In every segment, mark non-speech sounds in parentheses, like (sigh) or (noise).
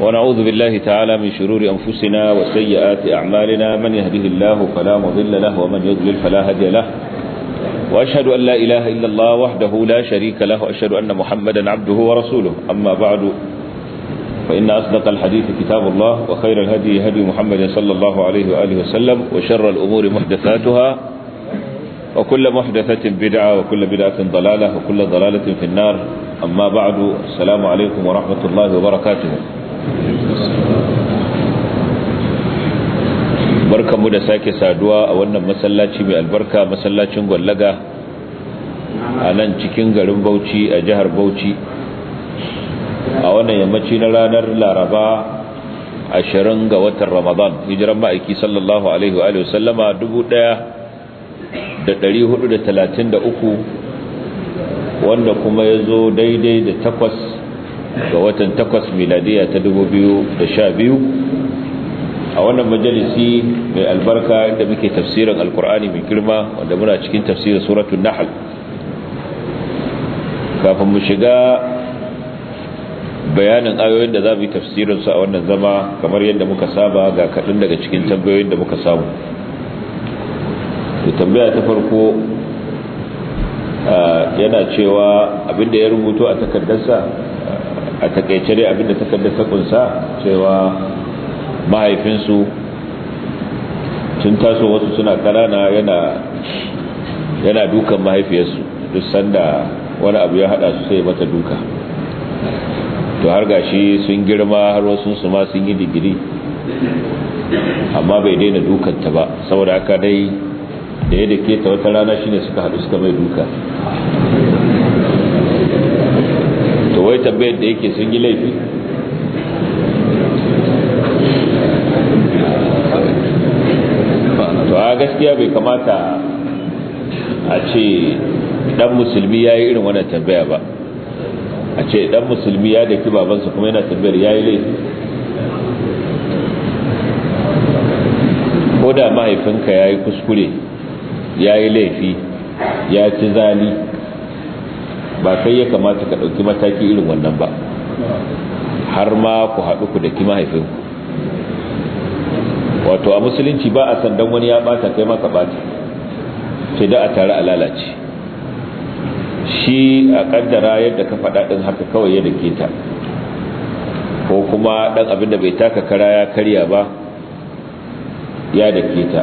ونعوذ بالله تعالى من شرور أنفسنا وسيئات أعمالنا من يهده الله فلا مضل له ومن يضلل فلا هدي له وأشهد أن لا إله إلا الله وحده لا شريك له وأشهد أن محمدا عبده ورسوله أما بعد فإن أصدق الحديث كتاب الله وخير الهدي هدي محمد صلى الله عليه وآله وسلم وشر الأمور محدثاتها وكل محدثة بدعة وكل بدعة ضلالة وكل ضلالة في النار أما بعد السلام عليكم ورحمة الله وبركاته barkanmu da sake saduwa a wannan masallaci mai albarka masallacin gwallaga a nan cikin garin bauchi a jihar bauchi a wannan yammaci na ranar laraba ashirin ga watan ramadan hijiran ma'aiki sallallahu alaihi wa sallama uku, wanda kuma ya zo daidai da takwas ga watan takwas miladiya ta dubu biyu da sha biyu a wannan majalisi mai albarka inda muke tafsirin alkur'ani mai girma wanda muna cikin tafsirin suratun nahal kafin mu shiga bayanin ayoyin da za mu yi tafsirinsu a wannan zama kamar yadda muka saba ga kaɗan daga cikin tambayoyin da muka samu da tambaya ta farko yana cewa abinda ya rubuto a takardarsa a takaice dai abinda takarda ta kunsa cewa mahaifinsu tun taso wasu suna karana yana yana dukan mahaifiyarsu duk sanda wani abu ya hada su sai mata duka to har gashi sun girma har wasu su ma sun yi digiri amma bai daina dukanta ba saboda aka dai da ya ta wata rana shine suka hadu suka mai duka to wai tambayar da yake sun yi laifi to a gaskiya bai kamata a ce dan musulmi ya yi irin wannan tambaya ba a ce dan musulmi ya daki babansa kuma yana tambayar ya yi laifi ko da mahaifinka ya yi kuskure ya yi laifi ya ci zali ba kai ya kamata ka ɗauki mataki irin wannan ba har ma ku haɗu ku da kima haifin wato a musulunci ba a sandan wani ya ɓata kai maka ɓata sai da a tare a lalace shi a kaddara yadda ka faɗa ɗin haka kawai ya ke ta ko kuma ɗan abinda bai taka kara ya karya ba ya da ke ta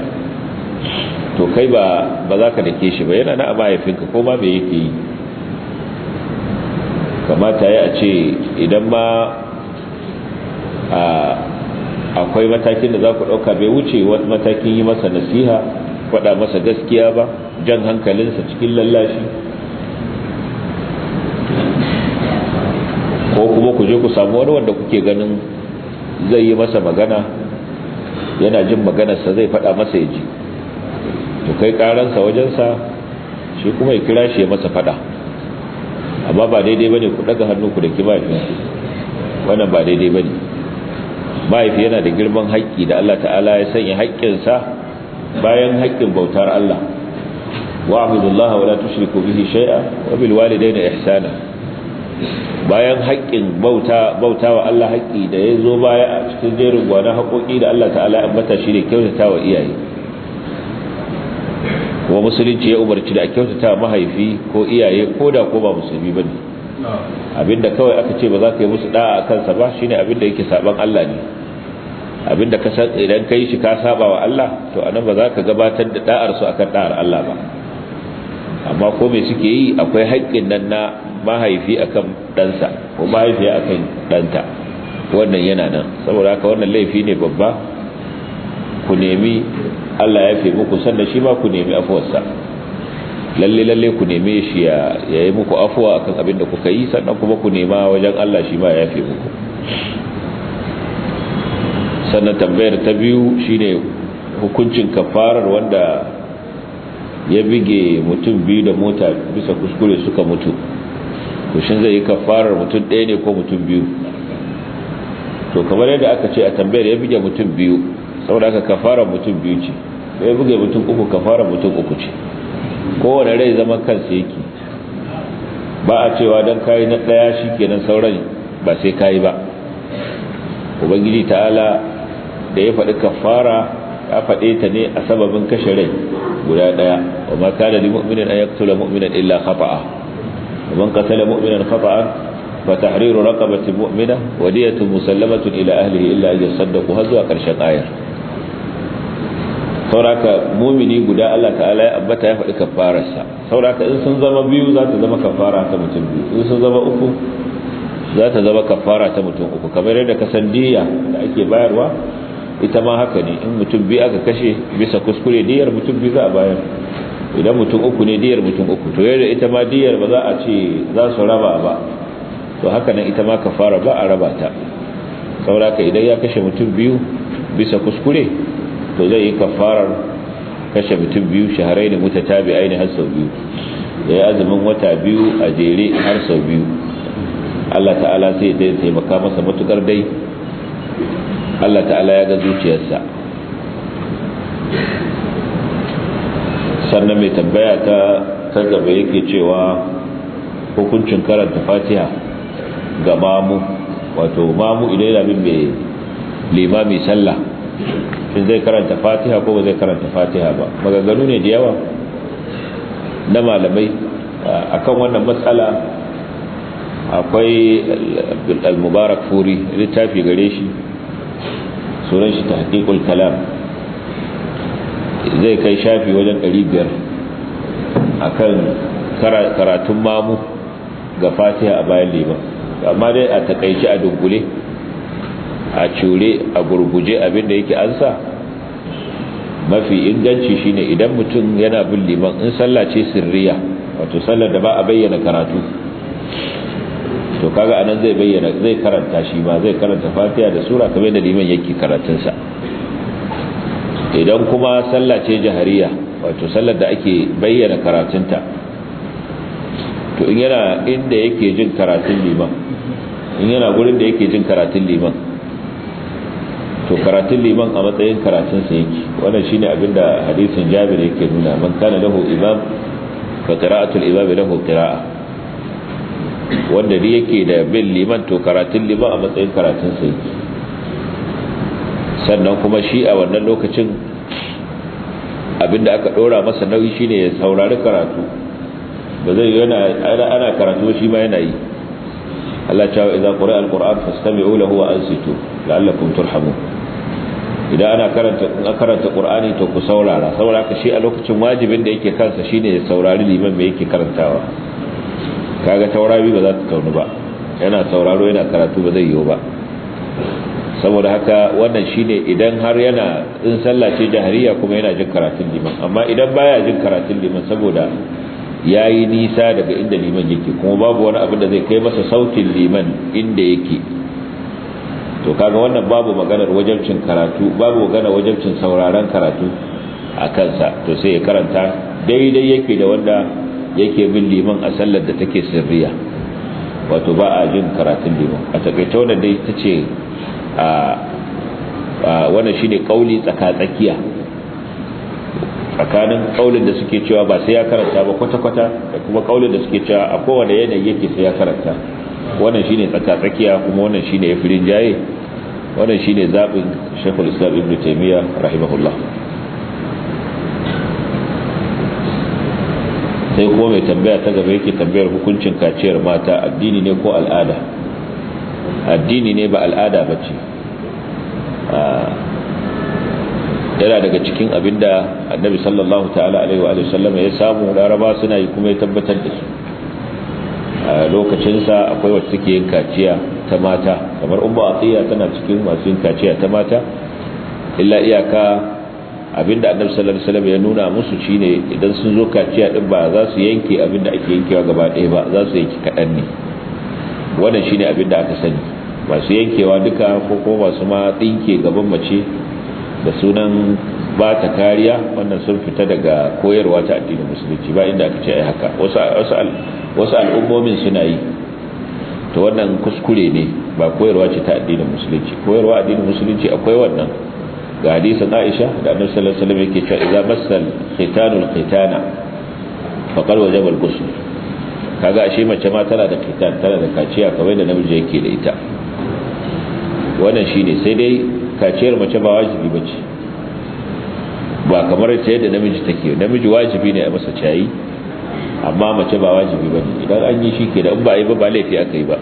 to kai ba za ka da ke shi ba yana na a mahaifinka ko ma mai yake yi kamata ya ce idan ma akwai matakin da za ku ɗauka bai wuce matakin yi masa nasiha faɗa masa gaskiya ba jan hankalinsa cikin lallashi ko kuma ku je ku samu wani wanda kuke ganin zai yi masa magana yana jin maganarsa zai faɗa masa ya ji to kai ƙaransa wajensa shi kuma ya kira shi ya masa faɗa amma ba daidai bane ku daga hannu ku da ki mahaifinku wannan ba daidai bane mahaifi yana da girman haƙƙi da Allah ta'ala ya sanya haƙƙinsa bayan haƙƙin bautar Allah wa'budullaha wa la tushriku bihi shay'a wa bil walidayni ihsana bayan haƙƙin bauta bautawa Allah haƙƙi da ya zo baya a cikin jerin gwanan haƙoƙi da Allah ta'ala ya ambata shi ne kyautatawa iyaye kuma musulunci ya umarci da a kyautata mahaifi ko iyaye ko da ko ba musulmi ba ne abinda kawai aka ce ba za ka yi musu da'a a kansa ba shine abinda yake saban Allah ne abinda ka san idan kai shi ka saba wa Allah to anan ba za ka gabatar da da'ar su akan da'ar Allah ba amma ko me suke yi akwai haƙƙin nan na mahaifi akan ɗansa ko mahaifiya akan ɗanta wannan yana nan saboda haka wannan laifi ne babba ku nemi Allah ya fi muku sannan shi ma ku nemi afuwarsa lalle lalle ku neme shi ya yi muku afuwa akan abin da kuka yi sannan kuma ku nema wajen Allah shi ma ya fi muku sannan tambayar ta biyu shine hukuncin kafarar wanda ya bige mutum biyu da mota bisa kuskure suka mutu kushin zai yi kafarar mutum ɗaya ne ko mutum biyu to kamar yadda aka ce a tambayar ya bige mutum biyu saboda ka kafara mutum biyu ce sai buga mutum uku kafara mutum uku ce kowane rai zama kansa yake ba a cewa don kayi na ɗaya shi kenan sauran ba sai kayi ba ubangiji ta'ala da ya faɗi kafara ya faɗe ta ne a sababin kashe rai guda ɗaya wa ma kana li mu'minin an yaqtula mu'minan illa khata'a wa man qatala mu'minan khata'an فتحرير رقبة مؤمنة ودية مسلمة إلى أهله إلا أن يصدقوا هذا أكرشان آية sauraka mumini guda Allah ta'ala ya abbata ya faɗi kafararsa sauraka in sun zama biyu za ta zama kafara ta mutum biyu in sun zama uku za ta zama kafara ta mutum uku kamar yadda kasandiya da ake bayarwa ita ma haka ne in mutum biyu aka kashe bisa kuskure diyar mutum biyu za a bayar idan mutum uku ne diyar mutum uku to yadda ita ma diyar ba za a ce za su raba ba to haka nan ita ma kafara ba a raba ta sauraka idan ya kashe mutum biyu bisa kuskure to zai yi kafarar kashe mutum biyu shaharai da aini har sau biyu da ya azumin wata biyu a jere har sau biyu Allah ta'ala sai ya taimaka masa matukar dai Allah ta'ala ya ga zuciyarsa sannan mai tambaya ta ta yake cewa hukuncin karanta fatiha ga mamu wato mamu idan yana bin mai limami sallah shin zai karanta fatiha ko ba zai karanta fatiha ba maganganu ne da yawa na malamai akan wannan matsala akwai al-mubarak furi littafi gare shi sunan shi tahqiqul kalam zai kai shafi wajen 500 akan karatun mamu ga fatiha a bayan liman amma dai a takaici a dunkule a cure a gurguje abinda yake ansa mafi inganci shine idan mutum yana bin liman in sallah ce sirriya wato sallar da ba a bayyana karatu to kaga anan zai bayyana zai karanta shi ba zai karanta fatiha da sura kamar da liman yake karatunsa idan kuma sallah ce jahariya wato sallar da ake bayyana karatunta to in yana inda yake jin karatun liman in yana gurin da yake jin karatun liman to karatun liman a matsayin karatun sa yake wannan shine abinda hadisin Jabir yake nuna man kana lahu imam fa qira'atul imam lahu qira'a wanda dai yake da bin liman to karatun liman a matsayin karatun sa yake sannan kuma shi a wannan lokacin abin da aka dora masa nauyi shine ya saurari karatu ba zai yana ana karatu shi ma yana yi Allah ta wa idza qira'a al-qur'an fastami'u lahu wa ansitu la'allakum turhamun idan ana karanta karanta qur'ani to ku saurara saboda ka shi a lokacin wajibin da yake kansa shine ya saurari liman mai yake karantawa kaga taurari ba za ta kaunu ba yana sauraro yana karatu ba zai yiwu ba saboda haka wannan shine idan har yana in sallace ce jahariya kuma yana jin karatun liman amma idan baya jin karatun liman saboda yayi nisa daga inda liman yake kuma babu wani abin da zai kai masa sautin liman inda yake to kaga wannan babu maganar wajabcin karatu babu maganar wajabcin sauraron karatu a kansa to sai ya karanta daidai yake da wanda yake bin liman a sallar da take sirriya wato ba a jin karatun liman a takaita wannan dai ta ce a wannan shi ne ƙauli tsakatsakiya tsakanin kaulin da suke cewa ba sai ya karanta ba kwata-kwata da kuma kaulin da suke cewa a kowane yanayi yake sai ya karanta wannan shi ne tsakatsakiya kuma wannan shi ne ya fi rinjaye wannan shine zabin Sheikhul Islam Ibn Taymiyyah rahimahullah sai kuma mai tambaya ta gaba yake tambayar hukuncin kaciyar mata addini ne ko al'ada addini ne ba al'ada ba ce yana daga cikin abinda annabi sallallahu ta'ala alaihi wa sallam ya samu laraba suna yi kuma ya tabbatar da su a lokacinsa akwai wacce suke yin kaciya ta mata kamar umma tsiya tana cikin masu kaciya ta mata illa iyaka abinda annabi sallallahu alaihi wasallam ya nuna musu shine idan sun zo kaciya din ba za su yanke abinda ake yankewa gaba ɗaya ba za su yanke kaɗan ne wannan shine abinda aka sani masu yankewa duka ko ko masu ma ɗinke gaban mace da sunan ba ta kariya wannan sun fita daga koyarwa ta addinin musulunci ba inda aka ce ai haka wasu al'ummomin suna yi to wannan kuskure ne ba koyarwa ce ta addinin musulunci koyarwa addinin musulunci akwai wannan ga hadisin Aisha da Annabi sallallahu alaihi wasallam yake cewa idza massal khitanul khitana faqad wajaba al-ghusl kaga ashe mace ma tana da khitan tana da kaciya kamar da namiji yake da ita wannan shine sai dai kaciyar mace ba wajibi bace ba kamar ta yadda namiji take namiji wajibi ne a masa ciyayi amma mace ba wajibi bane idan an yi shi ke da in ba yi ba ba laifi aka yi ba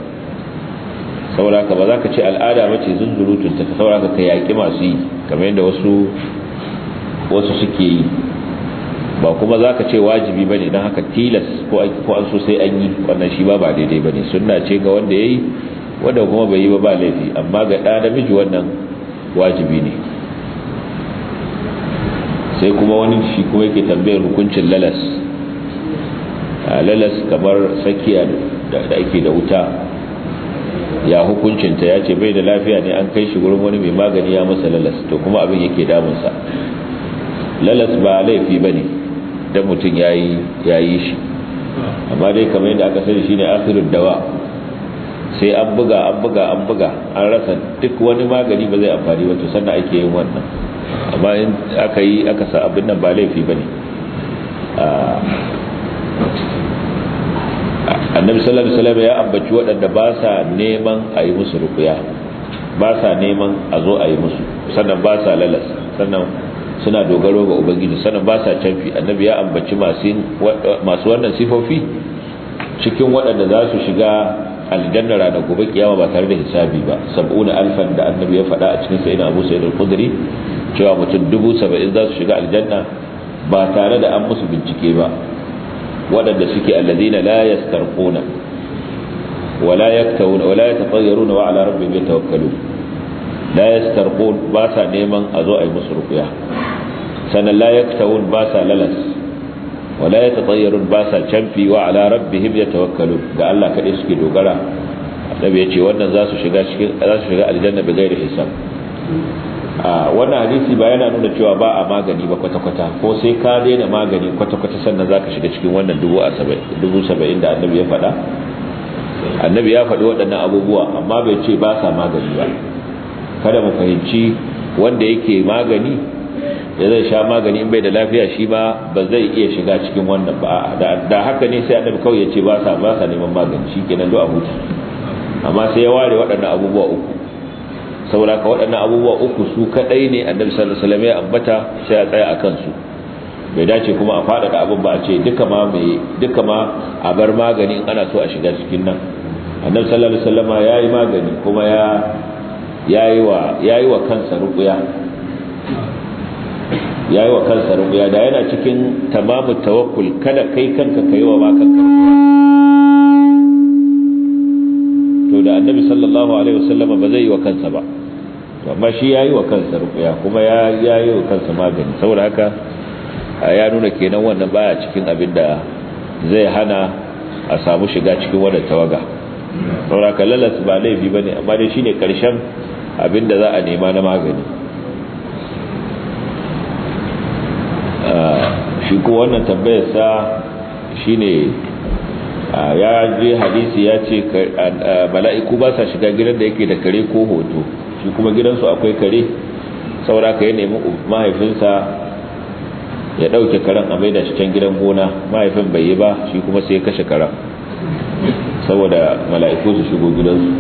saboda ba za ka ce al'ada mace zunzurutun ta saboda ka yaƙi masu yi kamar yadda wasu wasu suke yi ba kuma za ka ce wajibi ba ne don haka tilas ko an so sai an yi wannan shi ba ba daidai ba ne suna ce ga wanda ya yi wanda kuma bai yi ba ba laifi amma ga ɗa namiji wannan wajibi ne sai kuma wani shi kuma yake tambayar hukuncin lalas lalas kamar tsakiya da ake da wuta ya hukuncinta ya ce bai da lafiya ne an kai shi gurin wani mai magani ya masa lalas to kuma abin yake damunsa lalas ba laifi ba ne don mutum ya yi shi amma dai kamar yadda aka sani shine asirin dawa sai an buga an buga an buga an rasa duk wani magani ba zai amfani ba to sannan ake yin wannan amma in aka yi aka sa abin nan ba laifi ba ne. Ah, annabi sallallahu alaihi wasallam ya ambaci waɗanda ba sa neman a yi musu rukuya ba sa neman a zo a yi musu sannan ba sa lalas sannan suna dogaro ga ubangiji sannan ba sa canfi annabi ya ambaci masu wannan sifofi cikin waɗanda za su shiga aljanna ranar gobe kiyama ba tare da hisabi ba sab'una alfan da annabi ya faɗa a cikin sayyidina Abu Sa'id al-Khudri cewa mutum dubu saba'in za su shiga aljanna ba tare da an musu bincike ba waɗanda suke alladina la yastarquna wala yaktawuna wala yatafayyaruna wa ala rabbihim yatawakkalun la yastarqun ba sa neman a zo ai musu rukuya sanan la yaktawun ba sa lalas wala yatafayyarun ba sa canfi wa ala rabbihim yatawakkalun ga Allah kadai suke dogara annabi ya ce wannan za su shiga cikin za su shiga aljanna bi ghairi hisab wannan hadisi ba yana nuna cewa ba a magani ba kwata-kwata ko sai ka daina magani kwata-kwata sannan za ka shiga cikin wannan dubu saba'in da annabi ya faɗa annabi ya faɗi waɗannan abubuwa amma bai ce ba sa magani ba kada mu fahimci wanda yake magani ya zai sha magani in bai da lafiya shi ba ba zai iya shiga cikin wannan ba da haka ne sai annabi kawai ya ce ba sa ba sa neman magani shi kenan do a huta amma sai ya ware waɗannan abubuwa uku saboda ka waɗannan abubuwa uku su kadai ne annabi sallallahu alaihi wasallam ya ambata sai ya tsaya akan su bai dace kuma a fada da abin ba a ce duka ma mai duka ma a bar magani in ana so a shiga cikin nan annabi sallallahu alaihi wasallam ya yi magani kuma ya yayi wa yayi wa kansa ruqya yayi wa kansa ruqya da yana cikin tamamu tawakkul kada kai kanka kai wa ma kanka ruqya to da annabi sallallahu alaihi wasallam ba zai yi wa kansa ba amma shi yayi wa kansa ruqya kuma ya yayi wa kansa magani saboda haka ya nuna kenan wannan baya cikin abin da zai hana a samu shiga cikin wannan tawaga saboda haka lalas ba laifi bane amma dai shine karshen abin da za a nema na magani shi ko wannan tabbayar sa shine ya je hadisi ya ce mala'iku ba sa shiga gidan da yake da kare ko hoto shi kuma gidansu akwai kare saboda ka yi nemi mahaifinsa ya ɗauke karen a maida shi gidan gona mahaifin bai yi ba shi kuma sai ya kashe karen saboda mala'iku su shigo gidansu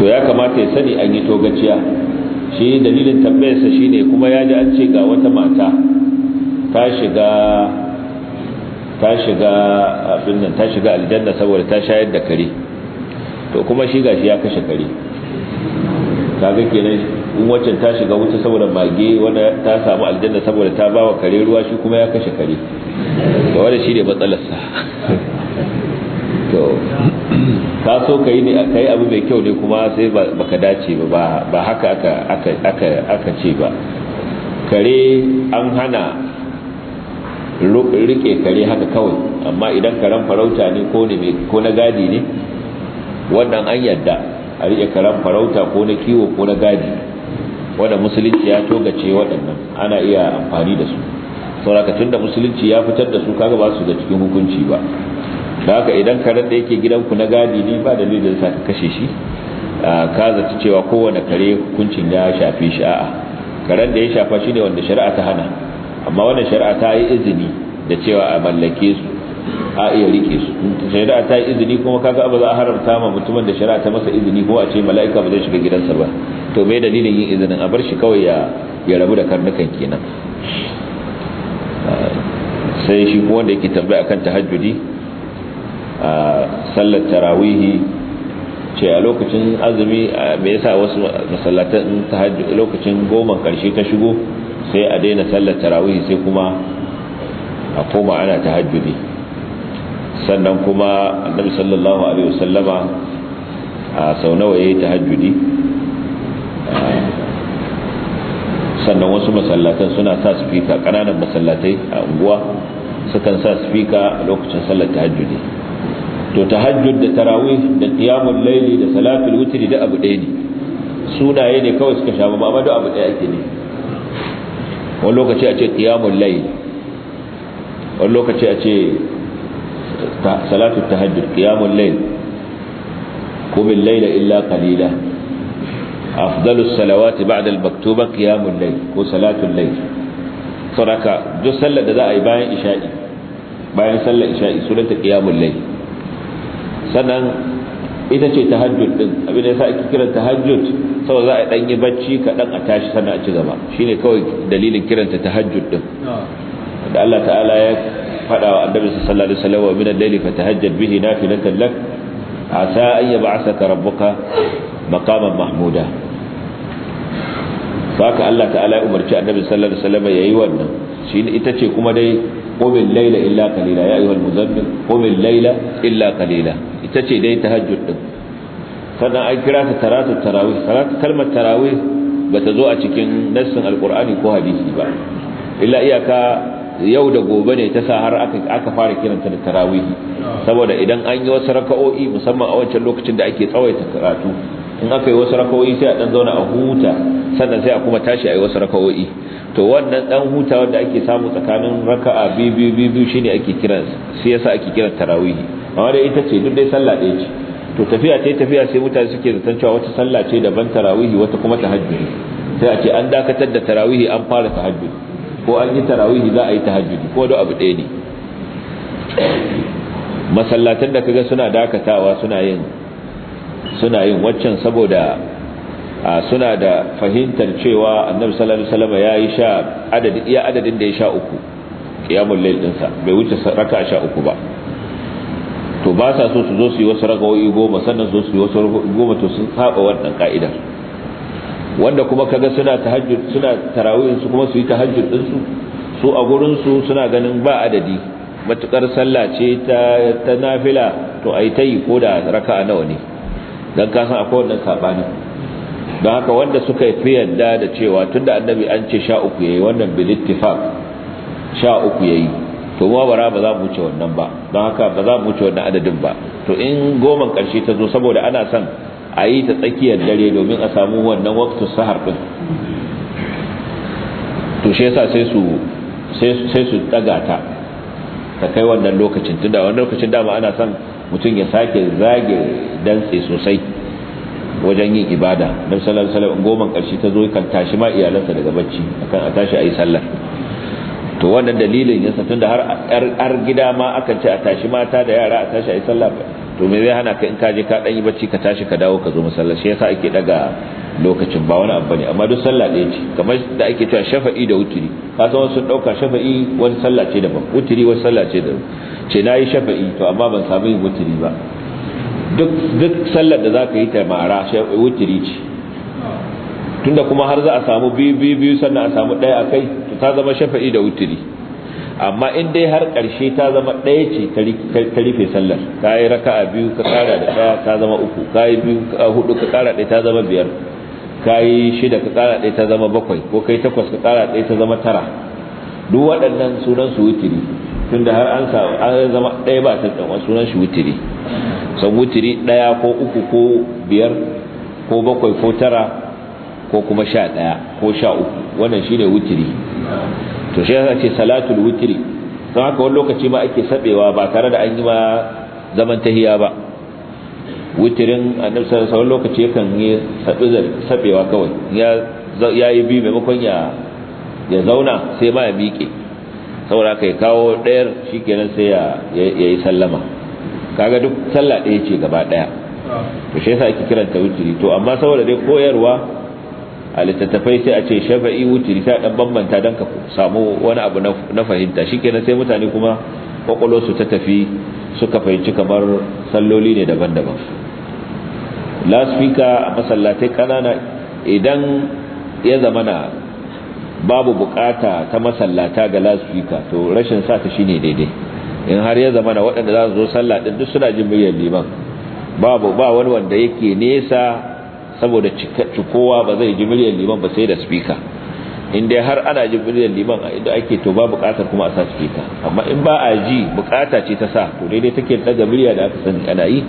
to ya kamata ya sani an yi togaciya shi dalilin tambayarsa shine kuma ya ji an ce ga wata mata ta shiga ta shiga abin nan ta shiga aljanna saboda ta shayar da kare to kuma shi gashi ya kashe kare kaga kenan in waccan ta shiga wuta saboda mage wanda ta samu aljanna saboda ta bawa kare ruwa shi kuma ya kashe kare to wanda ne matsalarsa (laughs) to ka so ka yi abu mai kyau ne kuma sai baka dace ba ba haka aka ce ba kare an hana rike kare haka kawai amma idan karen farauta ne ko na gadi ne wannan an yadda a rike karen farauta ko na kiwo ko na gadi wadda musulunci ya togace waɗannan ana iya amfani da su sauraka da musulunci ya fitar da su kaga ba su da cikin hukunci ba da haka idan karen da yake gidanku na gadi ne ba dalilin sa ka kashe shi ka zata cewa kowane kare hukuncin ya shafe shi a'a karen da ya shafa shi ne wanda shari'a ta hana amma wannan shari'a ta yi izini da cewa a mallake su a iya rike su shari'a ta yi izini kuma kaga abu za a haramta ma mutumin da shari'a ta masa izini ko a ce mala'ika ba zai shiga gidansa ba to me dalilin yin izinin a bar shi kawai ya ya rabu da karnukan kenan sai shi kuma wanda yake tambaya akan tahajjudi sallar tarawihi ce a lokacin azumi me yasa wasu masallatan tahajjud lokacin goma karshe ta shigo sai a daina sallar tarawihi sai kuma a koma ana tahajjudi sannan kuma annabi sallallahu alaihi wasallama a sau nawa yayi tahajjudi sannan wasu masallatan suna sa spika kananan masallatai a unguwa sukan sa spika a lokacin sallar tahajjudi to tahajjud da tarawih da qiyamul layli da salatul witri da abu ɗaya ne sunaye ne kawai suka shafa ba ma da abu ɗaya ake ne wani lokaci a ce qiyamul layl wani lokaci a ce salatul tahajjud qiyamul layl qum al-layla illa qalila afdalus salawati ba'da al-maktuba qiyamul layl ko salatul layl saraka duk sallar da za a yi bayan isha'i bayan sallar isha'i sunanta qiyamul layl sannan ita ce tahajjud din abin da yasa ake kiran tahajjud saboda za a dan yi bacci kaɗan a tashi sannan a ci gaba shine kawai dalilin kiranta tahajjud din da Allah ta'ala ya faɗa wa annabi sallallahu alaihi wasallam wa min al-layli fatahajjad bihi nafilatan lak asa an yab'athaka rabbuka maqaman mahmuda saka Allah ta'ala ya umarci annabi sallallahu alaihi wasallam yayi wannan shine ita ce kuma dai قم الليل إلا قليلا يا أيها المزمل قم الليل إلا قليلا itace dai tahajjud din sannan an kira ta salatu tarawih salatu kalmar tarawih bata zo a cikin nassin alqur'ani ko hadisi ba illa iyaka yau da gobe ne ta sa har aka fara kiranta da tarawih saboda idan an yi wasu raka'o'i musamman a wancan lokacin da ake tsawaita karatu in aka yi wasu raka'o'i sai a dan zauna a huta sannan sai a kuma tashi a yi wasu raka'o'i to wannan dan hutawa da ake samu tsakanin raka'a biyu biyu shine ake kiran shi yasa ake kiran tarawih amma dai ita ce duk dai sallah ɗaya ce to tafiya ce tafiya sai mutane suke zaton cewa wata sallah ce daban tarawih wata kuma tahajjudi sai a ce an dakatar da tarawih an fara tahajjudi ko an yi tarawih za a yi tahajjudi ko da abu ɗaya ne masallatan da kaga suna dakatawa suna yin suna yin waccan saboda suna da fahimtar cewa annabi sallallahu alaihi wasallam ya yi sha adadin iya adadin da ya sha uku qiyamul layl dinsa bai wuce raka sha uku ba to ba sa so su zo su yi wasu ragawai goma sannan zo su yi wasu goma to sun saba wannan ka'idar wanda kuma kaga suna tahajjud suna tarawihin su kuma su yi tahajjud din su su a gurin su suna ganin ba adadi matukar sallah ce ta ta nafila to ai tayi ko da raka'a nawa ne dan ka san akwai wannan sabanin don haka wanda suka fi yadda da cewa tun da annabi an ce sha uku ya yi wannan bilittifak sha uku ya yi to ma bara ba za mu wuce wannan ba don haka ba za mu wuce wannan adadin ba to in goman karshe ta zo saboda ana son a yi ta tsakiyar dare domin a samu wannan waktu sahar din to shi yasa sai su sai su daga ta ta kai wannan lokacin tunda wannan lokacin dama ana son mutum ya sake zage dantse sosai wajen yin ibada don sallar sallar goman karshe ta zo kan tashi ma iyalansa daga bacci akan a tashi a yi sallar to wannan dalilin yasa tunda har ar gida ma akan ce a tashi mata da yara a tashi a yi sallar to me zai hana ka in ka je ka dan yi bacci ka tashi ka dawo ka zo shi yasa ake daga lokacin ba wani abu ne amma duk sallah ɗaya ce kamar da ake cewa shafa'i da wuturi ka san wasu ɗauka shafa'i wani sallah ce daban wuturi wani sallah ce daban ce na yi shafa'i to amma ban samu yin wuturi ba duk duk sallar da zaka yi ta mara wutiri ce tunda kuma har za a samu biyu biyu biyu sannan a samu ɗaya a kai ta zama shafa'i da wutiri amma in dai har ƙarshe ta zama ɗaya ce ta rufe sallar ka yi raka a biyu ka ƙara da ɗaya ta zama uku ka yi biyu ka hudu ka ƙara ɗaya ta zama biyar ka yi shida ka ƙara ɗaya ta zama bakwai ko kai takwas ka ƙara ɗaya ta zama tara duk waɗannan sunan su wutiri tunda har an samu an zama ɗaya ba ta ɗan sunan shi wutiri san wutiri ɗaya ko uku ko biyar ko bakwai ko tara ko kuma sha ɗaya ko sha uku wannan shine wutiri to shi ya ce salatul wutiri don haka wani lokaci ma ake sabewa ba tare da an yi ma zaman tahiya ba wutirin a nufsar sauran lokaci yakan yi sabewa kawai ya yi biyu maimakon ya zauna sai ma ya miƙe saboda ka yi kawo ɗayar kenan sai ya yi sallama kaga duk sallah ɗaya ce gaba ɗaya to shi yasa ake kiranta wuturi to amma saboda dai koyarwa a littattafai sai a ce shafa'i wuturi ta dan bambanta dan ka samu wani abu na fahimta shi shikenan sai mutane kuma kwakwalo ta tafi suka fahimci kamar salloli ne daban-daban lasfika a masallatai kanana idan ya zamana babu bukata ta masallata ga lasfika to rashin sa ta shine daidai in har ya zama na waɗanda za su zo sallah ɗin duk suna jin muryar liman babu ba wani wanda yake nesa saboda cikowa ba zai ji muryar liman ba sai da speaker in dai har ana ji muryar liman a inda ake to ba buƙatar kuma a sa speaker amma in ba a ji buƙata ce ta sa to daidai take daga murya da aka sani ana yi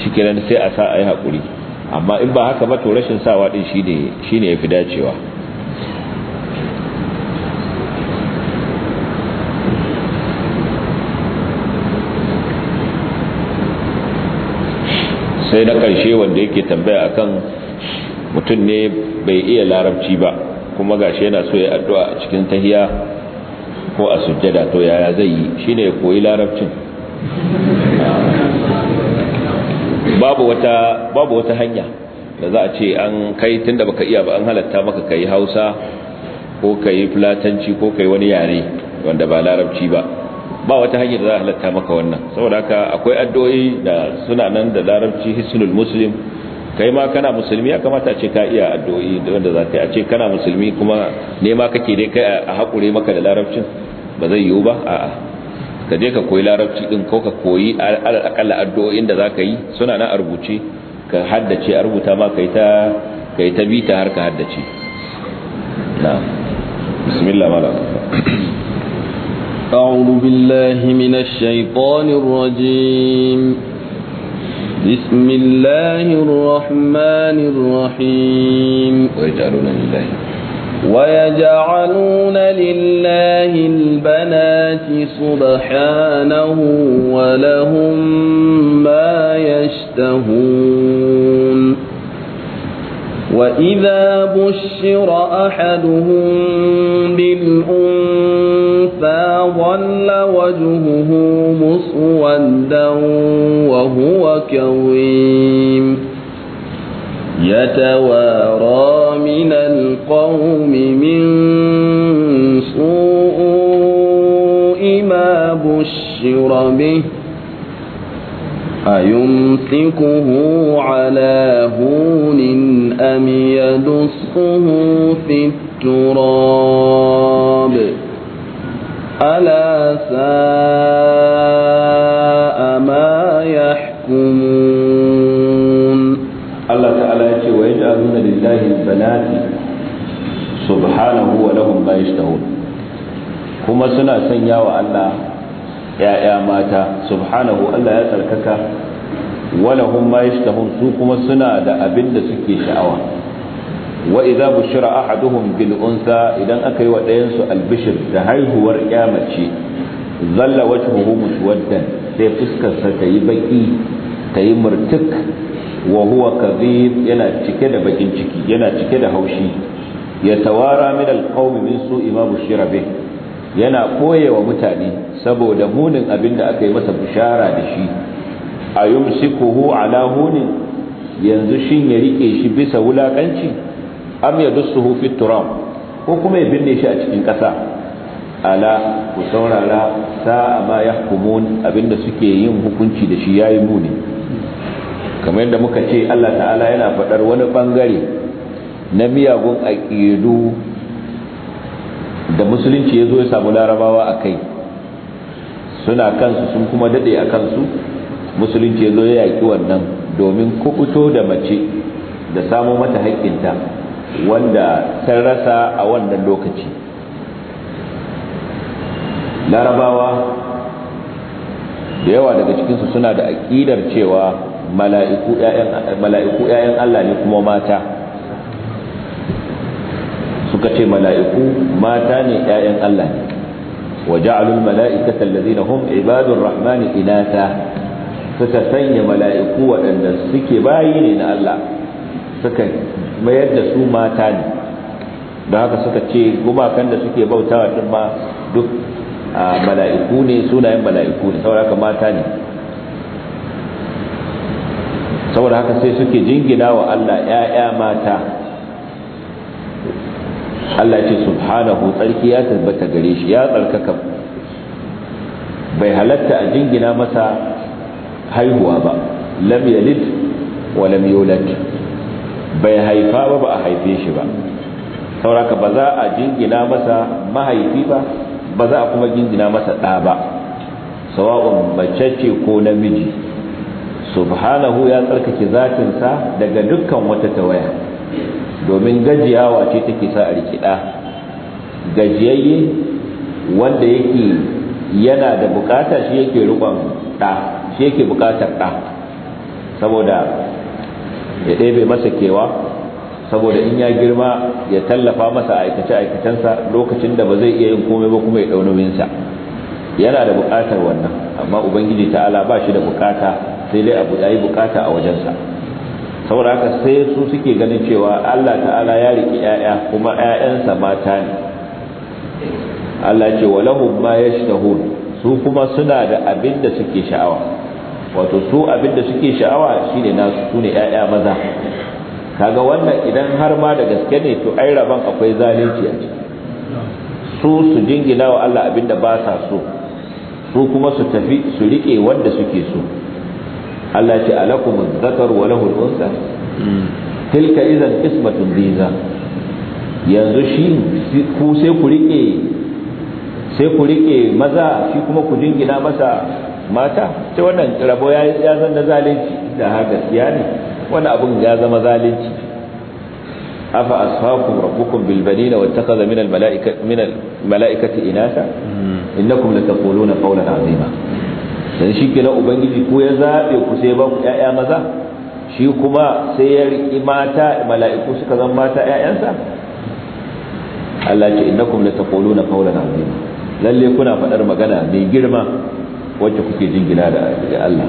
shikenan sai a sa a yi haƙuri amma in ba haka ba to rashin sawa ɗin shine shine yafi dacewa sai na karshe wanda yake tambaya akan mutum ne bai iya larabci ba kuma gashi yana so ya addu'a a cikin tahiya ko a sujjada to yaya zai yi shine ya koyi larabcin babu wata babu wata hanya da za a ce an kai tunda baka iya ba an halatta maka kai Hausa ko kai Fulatanci ko kai wani yare wanda ba larabci ba ba wata hanyar da za a halatta maka wannan saboda haka akwai addu'o'i da suna nan da larabci hisnul muslim kai ma kana musulmi ya kamata a ce ka iya addu'o'i wanda za ka yi a ce kana musulmi kuma ne ma kake dai kai a haƙure maka da larabcin ba zai yiwu ba a'a ka je ka koyi larabci din ko ka koyi alal akalla addu'o'in da za ka yi suna nan a rubuce ka haddace a rubuta ma kai ta kai ta bita har ka haddace na bismillah malam أعوذ بالله من الشيطان الرجيم بسم الله الرحمن الرحيم ويجعلون لله ويجعلون لله البنات سبحانه ولهم ما يشتهون وإذا بشر أحدهم بالأنثى ظل وجهه مسودا وهو كظيم يتوارى من القوم من سوء ما بشر به أيمسكه على هون أم يدصه في التراب ألا ساء ما يحكمون الله تعالى ويجعلون لله البنات سبحانه ولهم ما يشتهون kuma سنة سنة wa ya'ya mata subhanahu Allah ya tsarkaka walahum ma yashtahun su kuma suna da abin da suke sha'awa wa idza bushira ahaduhum bil unsa idan aka yi wa ɗayansu su albishir da haihuwar kyamace zalla wajhuhu muswaddan sai fuskar sa tayi baki tayi murtuk wa huwa kadhib yana cike da bakin ciki yana cike da haushi ya tawara min alqawmi min su'i ma bushira bih yana koyewa mutane saboda munin abin da aka yi masa bishara da shi a yumsikuhu ala hunin yanzu shin ya rike shi bisa wulakanci am ya yadussuhu fi turam ko kuma ya binne shi a cikin ƙasa ala ku saurara sa'a ma yahkumun abinda suke yin hukunci da shi yayi muni kamar yadda muka ce Allah ta'ala yana faɗar wani ɓangare na miyagun aƙidu da musulunci ya zo ya samu larabawa a kai suna kansu sun kuma dade a kansu musulunci zo ya yaki wannan domin kubuto da mace da samo mata haƙƙinta wanda ta rasa a wannan lokaci larabawa da yawa daga cikinsu suna da aƙidar cewa mala'iku 'ya'yan Allah ne kuma mata suka ce mala'iku mata ne 'ya'yan Allah ne وجعلوا الملائكة الذين هم عباد الرحمن إناثا فكسن ملائكو وأن السك باين إن الله سكن ما يدسوا ما تاني da haka suka ce gumakan da suke bautawa din ma duk mala'iku ne sunayen mala'iku ne saboda haka mata ne saboda haka sai suke jingina wa Allah ‘ya'ya mata Allah ce subhanahu tsarki ya tabbata gare shi ya tsarkaka bai halatta a jingina masa haihuwa ba lam yalid wa lam yulad bai haifa ba ba a haife shi ba sauraka ba za a jingina masa mahaifi ba ba za a kuma jingina masa ɗa ba sawa'un mace ce ko namiji subhanahu ya tsarkake zatinsa daga dukkan wata tawaya domin gajiyawa ce take sa a rikida gajiyayye wanda yake yana da bukata shi yake rikon ɗa shi yake bukatar ɗa saboda ya ɗebe masa kewa saboda in ya girma ya tallafa masa aikace-aikacensa lokacin da ba zai iya yin komai ba kuma ya yana da bukatar wannan amma ubangiji ta'ala ba shi da bukata sai dai abu ya yi bukata a wajensa saboda haka sai su suke ganin cewa Allah ta'ala ya riki yaya kuma ƴaƴansa mata ne Allah ce walahum ma yashtahun su kuma suna da abin da suke sha'awa wato su abin da suke sha'awa shine nasu sune ƴaƴa maza kaga wannan idan har ma da gaske ne to ai raban akwai zalunci a ciki su su jingina wa Allah abin da ba sa so su kuma su tafi su riƙe wanda suke so Allah ce alakum dhakar wa lahu unsa mm. tilka idan qismatun diza yanzu shi ku sai ku rike sai ku rike maza shi kuma ku jingina masa mata sai wannan rabo ya ya da zalunci da har gaskiya ne wannan abun ya zama zalunci afa asfakum rabbukum bil banina wattakhadha min al malaikati min al malaikati inasa mm. innakum lataquluna qawlan azima dan shi kenan ubangiji ko ya zabe ku sai ba ku ƴaƴa maza shi kuma sai ya riki mata mala'iku suka zan mata ƴaƴansa Allah ce innakum taquluna qawlan azima lalle kuna faɗar magana mai girma wacce kuke jingina da Allah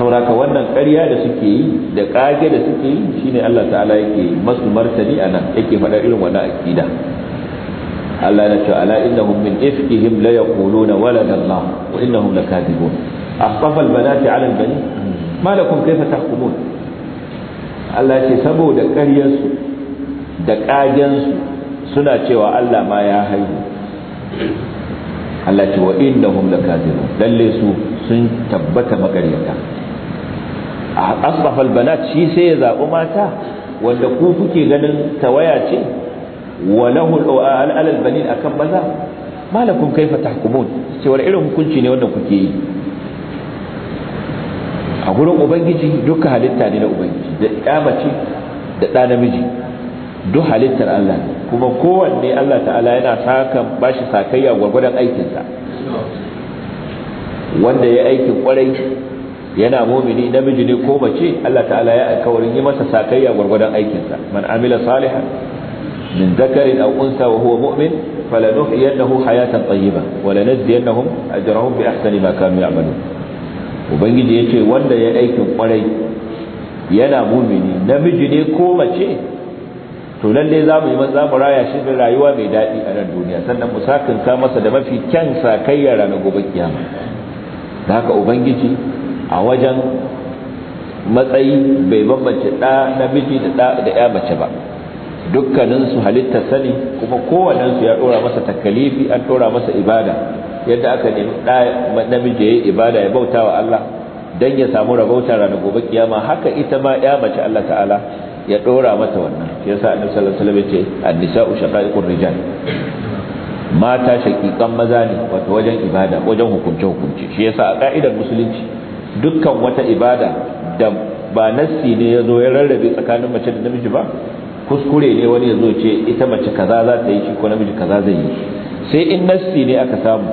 sauraka wannan ƙarya da suke yi da ƙage da suke yi shine Allah ta'ala yake masu martani anan yake faɗar irin wannan aqida Allah ya ce ala innahum min ifkihim la yaquluna walad Allah wa innahum lakadibun astafa albanati ala albani ma lakum kayfa tahkumun Allah ce saboda ƙaryarsu da ƙagensu suna cewa Allah ma ya haihu Allah ce wa innahum lakadibun lalle su sun tabbata magaryata astafa albanat shi sai ya zabi mata wanda ku kuke ganin tawaya ce wa lahu bani akan maza malakum kaifa tahkumun cewa irin hukunci ne wanda kuke yi a gurin ubangiji duka halitta ne na ubangiji da kyamace da ɗa namiji duk halittar Allah kuma kowanne Allah ta'ala yana sakan bashi sakayya gwargwadon aikinsa wanda ya aikin kwarai yana mumini namiji ne ko mace Allah ta'ala ya alkawarin yi masa sakayya gwargwadon aikinsa man amila salihan min zakarin aw unsa wa huwa mu'min falanuhyiyannahu hayatan tayyiba wa lanajziyannahum ajrahum bi ahsani ma kanu ya'malun ubangiji yace wanda ya aikin kwarai yana mumini namiji ne ko mace to lalle za mu yi maza mu raya shi da rayuwa mai daɗi a nan duniya sannan mu sa sakinta masa da mafi kyan sakayya ranar gobe kiyama da haka ubangiji a wajen matsayi bai bambance ɗa namiji da ɗa da ya mace ba dukkaninsu halitta sani kuma kowannensu ya dora masa takalifi an dora masa ibada yadda aka nemi namiji ya ibada ya bauta wa Allah don ya samu rabauta ranar gobe kiyama haka ita ma ya mace Allah ta'ala ya dora mata wannan shi yasa annabi sallallahu alaihi wasallam yace an-nisa'u shaqaiqur rijal mata shaqiqan maza ne wato wajen ibada wajen hukunce hukunce shi yasa a ka'idar musulunci dukkan wata ibada da ba nassi ne ya zo ya rarrabe tsakanin mace da namiji ba kuskure ne wani ya zo ce ita mace kaza za ta yi shi ko namiji kaza zai yi sai in nassi ne aka samu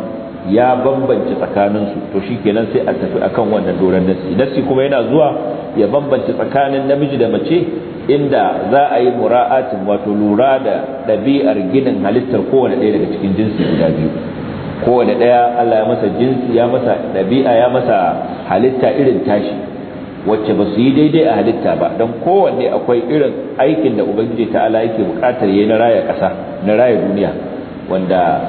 ya bambance tsakaninsu to shi kenan sai a tafi akan wannan doron nassi nassi kuma yana zuwa ya bambance tsakanin namiji da mace inda za a yi mura'atin wato lura da ɗabi'ar ginin halittar kowane ɗaya daga cikin jinsi guda biyu kowane ɗaya Allah ya masa jinsi ya masa ɗabi'a ya masa halitta irin tashi wacce ba su yi daidai a halitta ba don kowanne akwai irin aikin da ubangiji ta'ala yake bukatar yi na raya kasa na raya duniya wanda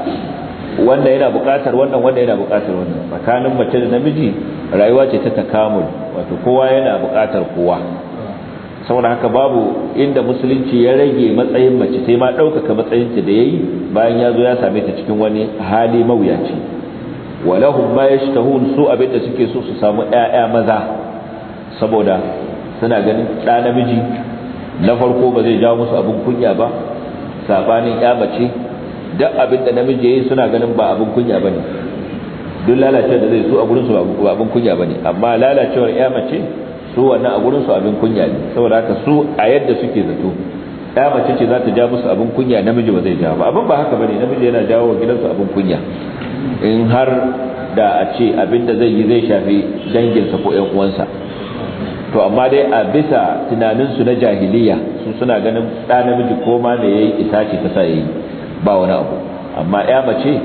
wanda yana bukatar wannan wanda yana bukatar wannan tsakanin mace da namiji rayuwa ce ta takamul wato kowa yana bukatar kowa saboda haka babu inda musulunci ya rage matsayin mace sai ma ɗaukaka matsayinta da yayi bayan ya zo ya same ta cikin wani hali mawuyaci walahum ma yashtahun su abinda suke so su samu ƴaƴa maza saboda suna ganin ɗa namiji na farko ba zai jawo musu abin kunya ba sabanin ya mace duk abin da namiji yayi suna ganin ba abin kunya bane duk lalacewar da zai so a gurinsu su ba abin kunya bane amma lalacewar ya mace su wannan a gurinsu su abin kunya ne saboda haka su a yadda suke zato ya mace ce za ta ja musu abin kunya namiji ba zai jawo ba abin ba haka bane namiji yana jawo wa gidansu abin kunya in har da a ce abin da zai yi zai shafi danginsa ko yan uwansa to amma dai a bisa tunaninsu na jahiliya su suna ganin ɗa namiji ko ma me yayi isa ce ta sa ba wani abu amma ya mace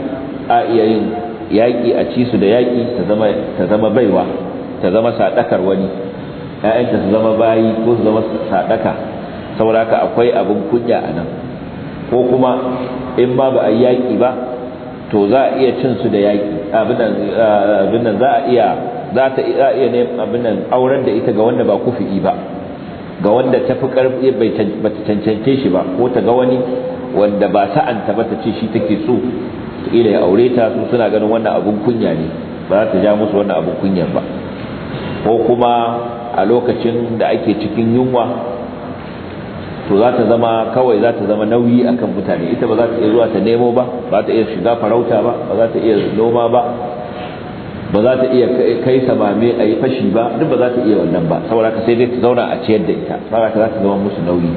a iya yin yaƙi a ci su da yaƙi ta zama baiwa ta zama sadakar wani ‘ya'yanta su zama bayi ko su zama sadaka saboda haka akwai abin kunya a nan ko kuma in ba ba a yaƙi ba to za a iya cin su da yaƙi abin nan eh, za a iya za ta iya ne abin nan auren da ita ga wanda ba kufi'i ba ga wanda tafi karfi ba ta cancance shi ba ko ta ga wani wanda ba sa'anta ba ta ce shi take so ila ya aure ta su suna ganin wannan abun kunya ne ba za ta ja musu wannan abun kunya ba ko kuma a lokacin da ake cikin yunwa to za ta zama kawai za ta zama nauyi akan mutane ita ba za ta iya zuwa ta nemo ba ba ta iya shiga farauta ba ba za ta iya noma ba ba za ta iya kai samame a yi fashi ba duk ba za ta iya wannan ba saboda ka sai dai ta zauna a ciyar da ita saboda za ta zama musu nauyi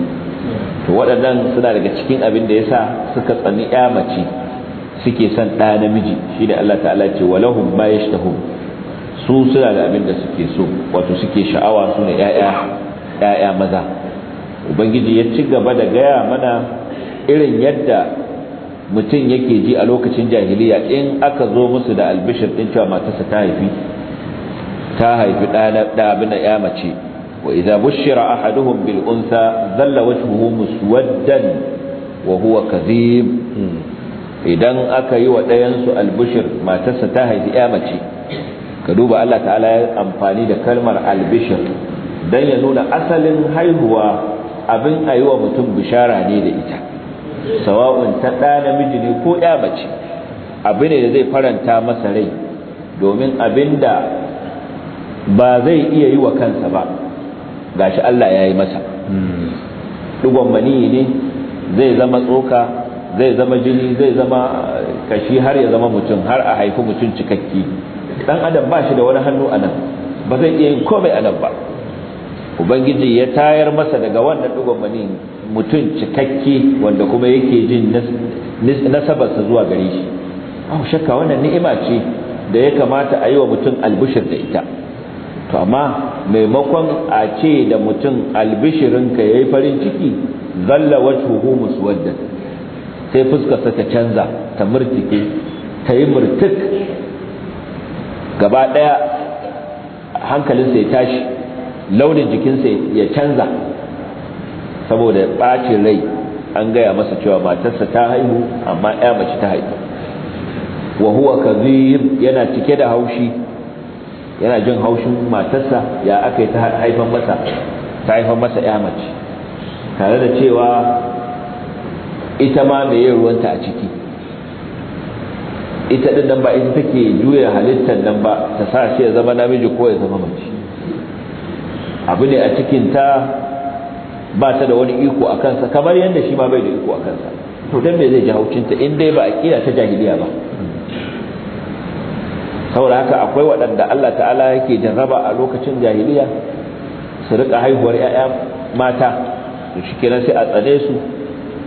to waɗannan suna daga cikin abin da ya sa suka tsani ya mace suke son ɗa namiji shi da Allah ta'ala ce walahum ma yashtahu su suna da abin da suke so wato suke sha'awa su ne ƴaƴa maza ubangiji ya ci gaba da gaya mana irin yadda mutum yake ji a lokacin jahiliya in aka zo musu da albishir din cewa matarsa ta haifi ta haifi abin da ya mace wa idza bushira ahaduhum bil unsa dhalla wajhuhu muswaddan wa huwa kadhib idan aka yi wa ɗayan su albishir matarsa ta haifi ya mace ka duba Allah ta'ala ya amfani da kalmar albishir dan ya nuna asalin haihuwa abin ayi wa mutum bishara ne da ita sawa'un ta ɗa namiji ne ko ya mace abu ne da zai faranta masa rai domin abin da ba zai iya yi wa kansa ba gashi Allah ya yi masa dugon mani ne zai zama tsoka zai zama jini zai zama kashi har ya zama mutum har a haifi mutum cikakki dan adam ba shi da wani hannu a nan ba zai iya yin komai a nan ba ubangiji ya tayar masa daga wannan ɗigon maniyi mutum cikakke wanda kuma yake jin nasabarsa zuwa gare shi abu shakka wannan ni'ima ce da ya kamata a yi wa mutum albishir da ita to amma maimakon a ce da mutum albishirinka ya yi farin ciki zalla wajhuhu muswaddan sai fuskarsa ta canza ta murtike ta yi murtuk gaba ɗaya hankalinsa ya tashi launin jikinsa ya canza saboda ɓacin rai an gaya masa cewa matarsa ta haihu amma ya mace ta haihu wa huwa yana cike da haushi yana jin haushin matarsa ya aka yi ta haifan masa ta haifan masa ya mace tare da cewa ita ma mai yin ruwanta a ciki ita din nan ba ita take juya halittar nan ba ta sa shi ya zama namiji ko ya zama mace abu ne a cikin ta ba ta da wani iko a kansa kamar yadda shi ma bai da iko a kansa to dan me zai ji haucinta in dai ba a aqida ta jahiliya ba saboda haka akwai waɗanda Allah ta'ala yake jarraba a lokacin jahiliya su rika haihuwar ƴaƴa mata to shikenan sai a tsane su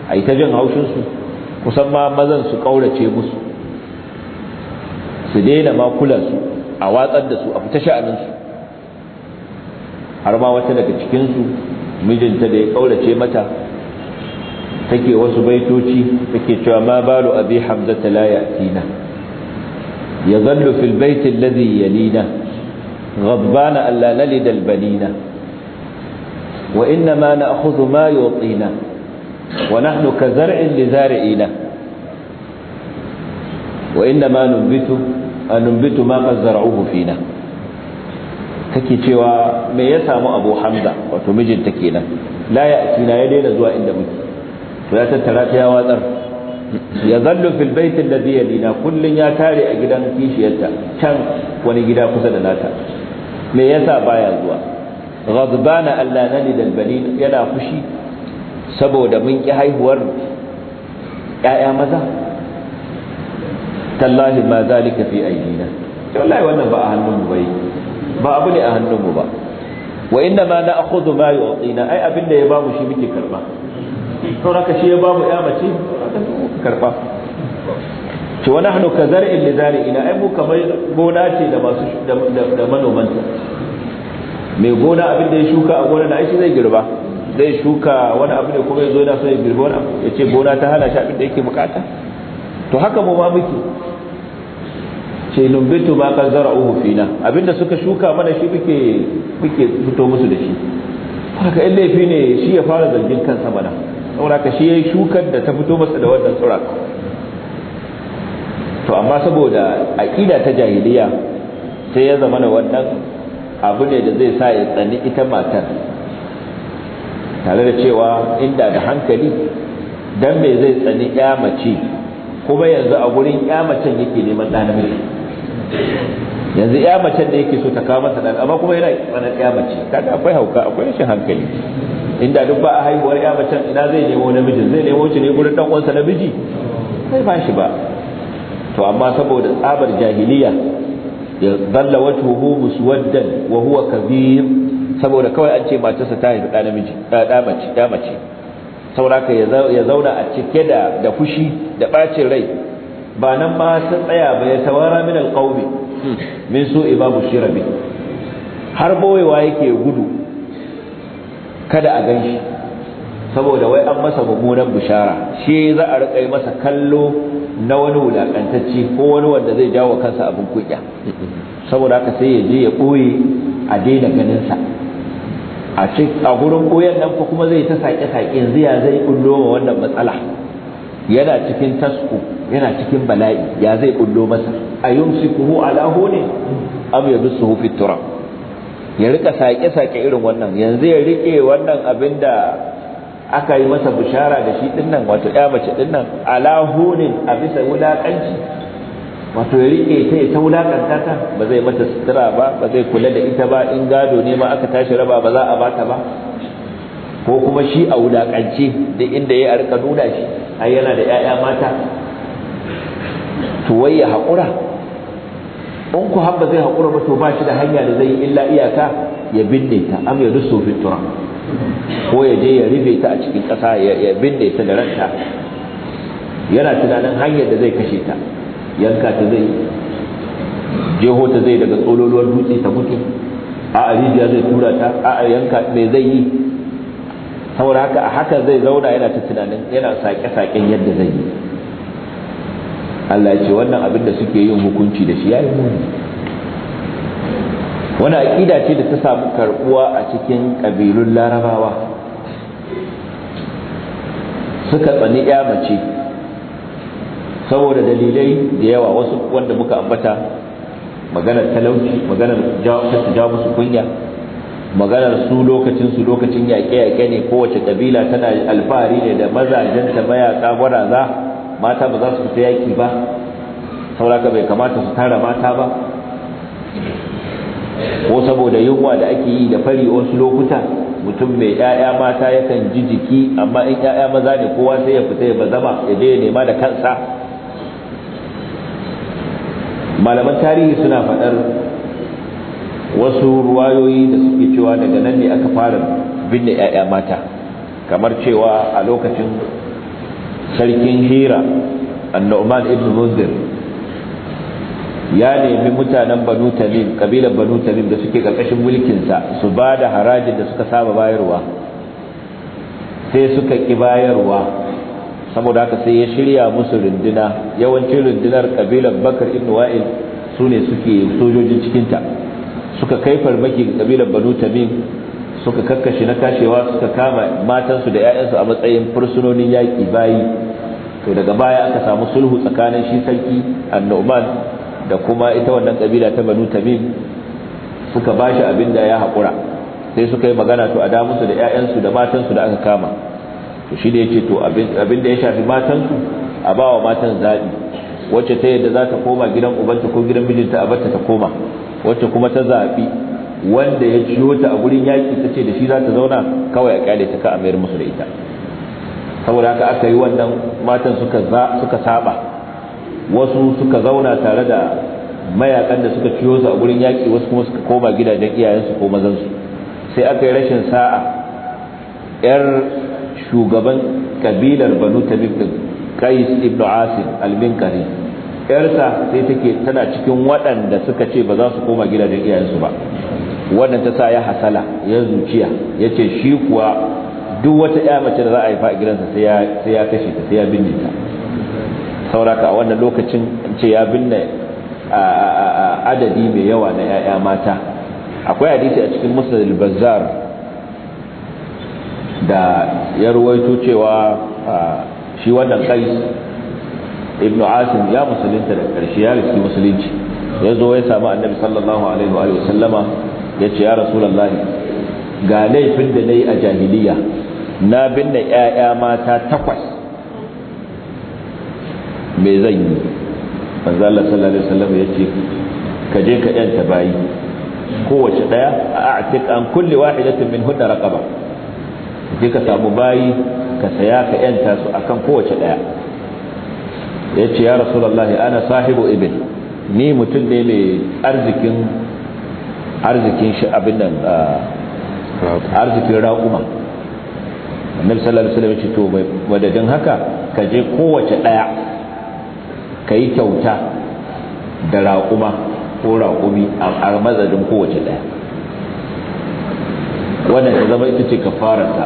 a ta jin haushin su kusan ma mazan su kaurace musu su daina ma su a watsar da su a fita sha'anin su har ma wata daga cikin su mijinta da ya kaulace mata take wasu baitoci take cewa ma balu abi hamzata la yatina yadhallu fil bayt alladhi yalina غضبان ألا نلد البنين وإنما نأخذ ما يعطينا ونحن كزرع لزارعينا وإنما ننبت أن ننبت ما قد زرعوه فينا take cewa me ya samu abu hamza wato mijinta kenan la ya na ya daina zuwa inda muke to ya tattara ta ya watsar ya zallu fil bait alladhi yalina kullun ya tare a gidan kishiyarta can wani gida kusa da nata me yasa baya zuwa ghadbana alla nalid albalin yana fushi saboda mun ki haihuwar ƴaƴa maza tallahi ma zalika fi aidina wallahi wannan ba a hannun mu bai ba abu ne a hannunmu ba wa inna ma na akhudhu ma yu'tina ai abin da ya bamu shi muke karba to raka shi ya bamu ya mace karba to wa nahnu zar'in li zari'ina ai mu kamar gona ce da masu da manoman mai gona abin da ya shuka a gona na shi zai girba zai shuka wani abu ne kuma ya zo yana so ya girba wani ya ce gona ta hana shi abin da yake bukata to haka mu ma muke ce numbitu ma kan uhu fina abinda suka shuka mana shi muke muke fito musu da shi haka in laifi ne shi ya fara zargin kansa mana saboda ka shi yayi shukar da ta fito masa da wannan tsura to amma saboda aqida ta jahiliya sai ya zama na wannan abu ne da zai sa ya tsani ita matar tare da cewa inda da hankali dan me zai tsani ya mace kuma yanzu a gurin ya macen yake neman ɗan yanzu ya mace da yake so ta kawo masa dan amma kuma yana tsanar ya mace kaga akwai hauka akwai rashin hankali inda duk ba a haihuwar ya mace ina zai nemo namijin zai nemo shi ne gurin dan uwansa namiji sai ba shi ba to amma saboda tsabar jahiliya ya dalla wajhuhu muswaddan wa huwa kabir saboda kawai an ce matarsa ta haifi da namiji da mace saboda ya zauna a cike da da fushi da bacin rai ba nan ma sun tsaya ba ya tawara min alqaumi min su ibabu shirabi har boyewa yake gudu kada a gan shi saboda wai an masa mummunan bishara shi za a riƙa yi masa kallo na wani wulaƙantacci ko wani wanda zai jawo kansa abin kunya saboda haka sai ya je ya ɓoye a daina ganinsa a gurin ɓoyen nan ko kuma zai ta saƙe-saƙe yanzu ya zai ƙullo wa wannan matsala yana cikin tasku yana cikin bala'i ya zai kullo masa a yumsikuhu ala hune am yabsuhu fi turab ya rika sake sake irin wannan yanzu ya rike wannan abinda aka yi masa bishara da shi dinnan wato ya mace dinnan ala hunin a bisa wulakanci wato ya rike ta ya ta wulakanta ta ba zai mata sutura ba ba zai kula da ita ba in gado ne ma aka tashi raba ba za a bata ba ko kuma shi a wulakance da inda ya rika nuna shi ai yana da 'ya'ya mata to wai ya haƙura in ku haɓa zai haƙura ba to ba shi da hanya da zai yi illa iyaka ya binne ta am ya dusu fitura ko ya je ya rufe ta a cikin ƙasa ya binne ta da ranta yana tunanin hanyar da zai kashe ta yanka ta zai jeho ta zai daga tsololuwar dutse ta mutu a rijiya zai tura ta a yanka mai zai yi saboda haka a haka zai zauna yana ta tunanin yana sake-saken yadda zai yi Allah ce wannan abin da suke yin hukunci da shi yayi muni wani aƙida ce da ta samu karɓuwa a cikin ƙabilun larabawa suka tsani ya mace saboda dalilai da yawa wasu wanda muka ambata maganar talauci maganar ta jawo musu kunya maganar su lokacin su lokacin yaƙe-yaƙe ne kowace kabila tana alfahari ne da mazajenta mayaƙa gwaraza mata ba za su fita yaƙi ba sauraka bai kamata su tara mata ba ko saboda yunwa da ake yi da fari wasu lokuta mutum mai 'ya'ya mata yakan ji jiki amma in 'ya'ya maza ne kowa sai ya fita ya zama, ya je ya nema da kansa malaman tarihi suna faɗar wasu ruwayoyi da suke cewa daga nan ne aka fara binne 'ya'ya mata kamar cewa a lokacin sarkin hira annu'man ibn Muzir ya nemi mutanen banu tamim kabilar banu tamim da suke karkashin mulkinsa su ba da harajin da suka saba bayarwa sai suka ki bayarwa saboda haka sai ya shirya musu runduna yawancin rundunar kabilar bakar ibn wa'il su ne suke sojojin cikinta suka kai farmaki ga kabilar banu tamim suka kakkashe na kashewa suka kama matansu da 'ya'yansu a matsayin fursunonin yaƙi bayi to daga baya aka samu sulhu tsakanin shi sarki annoban da kuma ita wannan kabila ta banu tamim suka bashi abin da ya haƙura sai suka yi magana to a da da 'ya'yansu da matansu da aka kama to shi ne ya to abin da ya shafi matansu a bawa matan zaɓi wacce ta yadda za ta koma gidan ubanta ko gidan mijinta a bata ta koma wacce kuma ta zaɓi wanda ya ciyo ta a gurin yaki ta ce da shi za ta zauna kawai a kyale ta ka a mayar musu da ita saboda haka aka yi wannan matan suka suka saba wasu suka zauna tare da mayakan da suka ciyo su a gurin yaki wasu kuma suka koma gidajen iyayensu ko mazansu sai aka yi rashin sa'a yar shugaban kabilar banu tabib din qais ibn asim al-binkari yarsa sai take tana cikin waɗanda suka ce ba za su koma gidajen iyayensu ba wannan ta sa ya hasala ya zuciya ya ce shi kuwa duk wata ya mace da za a haifa a gidansa sai ya kashe ta sai ya binne ta sauraka a wannan lokacin ce ya binne adadi mai yawa na 'ya'ya mata akwai hadisi a cikin musnad bazar da ya ruwaito cewa shi wannan kai. ibn asim ya musulunta da karshe ya riski musulunci ya zo ya samu annabi sallallahu alaihi wa sallama ya ce ya rasulullah ga laifin da nayi a jahiliya na binne ƴaƴa mata takwas me zan yi manzo Allah sallallahu alaihi wasallam ya ce ka je ka yanta bayi kowace daya a a'tiq an kulli wahidatin min hunna raqaba je ka samu bayi ka saya ka yanta su akan kowace daya ya ce ya rasulullahi ana sahibu ibin ni mutum ne mai arzikin arzikin shi abin ah, arzikin raƙuma annabi sallallahu alaihi wasallam ya ce to madadin haka ka je kowace ɗaya ka yi kyauta da raƙuma ko raƙumi a mazadin kowace ɗaya. wannan zama ita ce ta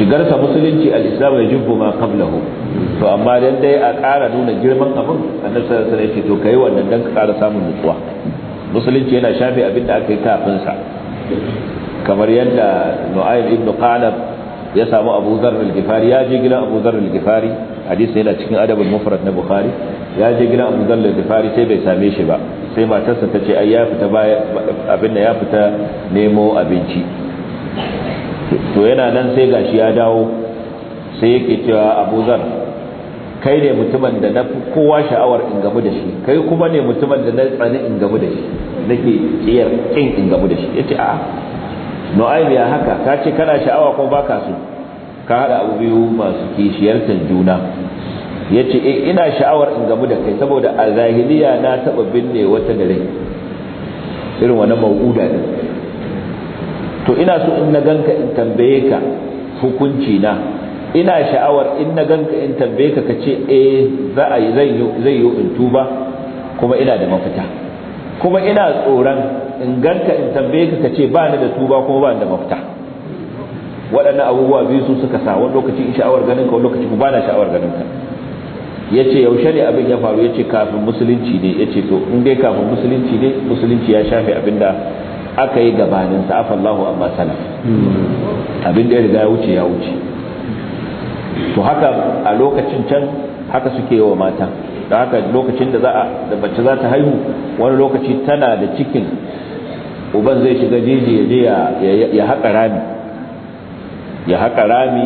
shigarsa musulunci al-islam ya jubbu ma qablahu to amma dan dai a ƙara nuna girman abin annabi sallallahu alaihi wasallam to kai wannan dan ka ƙara samun nutsuwa musulunci yana shafe abin da aka yi kafin sa kamar yadda nu'aym ibn qalab ya samu abu dharr al-ghifari ya je gidan abu dharr al-ghifari hadisi yana cikin adabul mufrad na bukhari ya je gidan abu dharr al-ghifari sai bai same shi ba sai matarsa ta ce ai ya fita abin da ya fita nemo abinci to yana nan sai gashi ya dawo sai yake cewa abu zar kai ne mutumin da na fi kowa sha'awar in gamu da shi kai kuma ne mutumin da na tsani in gamu da shi nake tsiyar kin in gamu da shi Ya ce a nu'aym ya haka ka ce kana sha'awa ko baka so ka hada abu biyu masu kishiyartar juna ce e ina sha'awar in gamu da kai saboda a zahiriya na taba binne wata da irin wani mau'uda ne. to ina so in na ganka in tambaye ka hukunci na ina sha'awar in na ganka in tambaye ka kace eh za a yi zai yi in tuba kuma ina da mafita kuma ina tsoron in ganka in tambaye ka kace ba ni da tuba kuma ba ni da mafita waɗannan abubuwa biyu su suka sa wani lokaci in sha'awar ganin ka wani lokaci ba na sha'awar ganin ka Ya ce yaushe ne abin ya faru ya ce kafin musulunci ne ya ce to in dai kafin musulunci ne musulunci ya shafe abin da? aka yi gabanin sa afallahu amma abin da ya riga ya wuce ya wuce to haka a lokacin can haka suke wa mata da haka lokacin da za a da bace za ta haihu wani lokaci tana da cikin uban zai shiga jeji ya je ya haƙa rami ya haƙa rami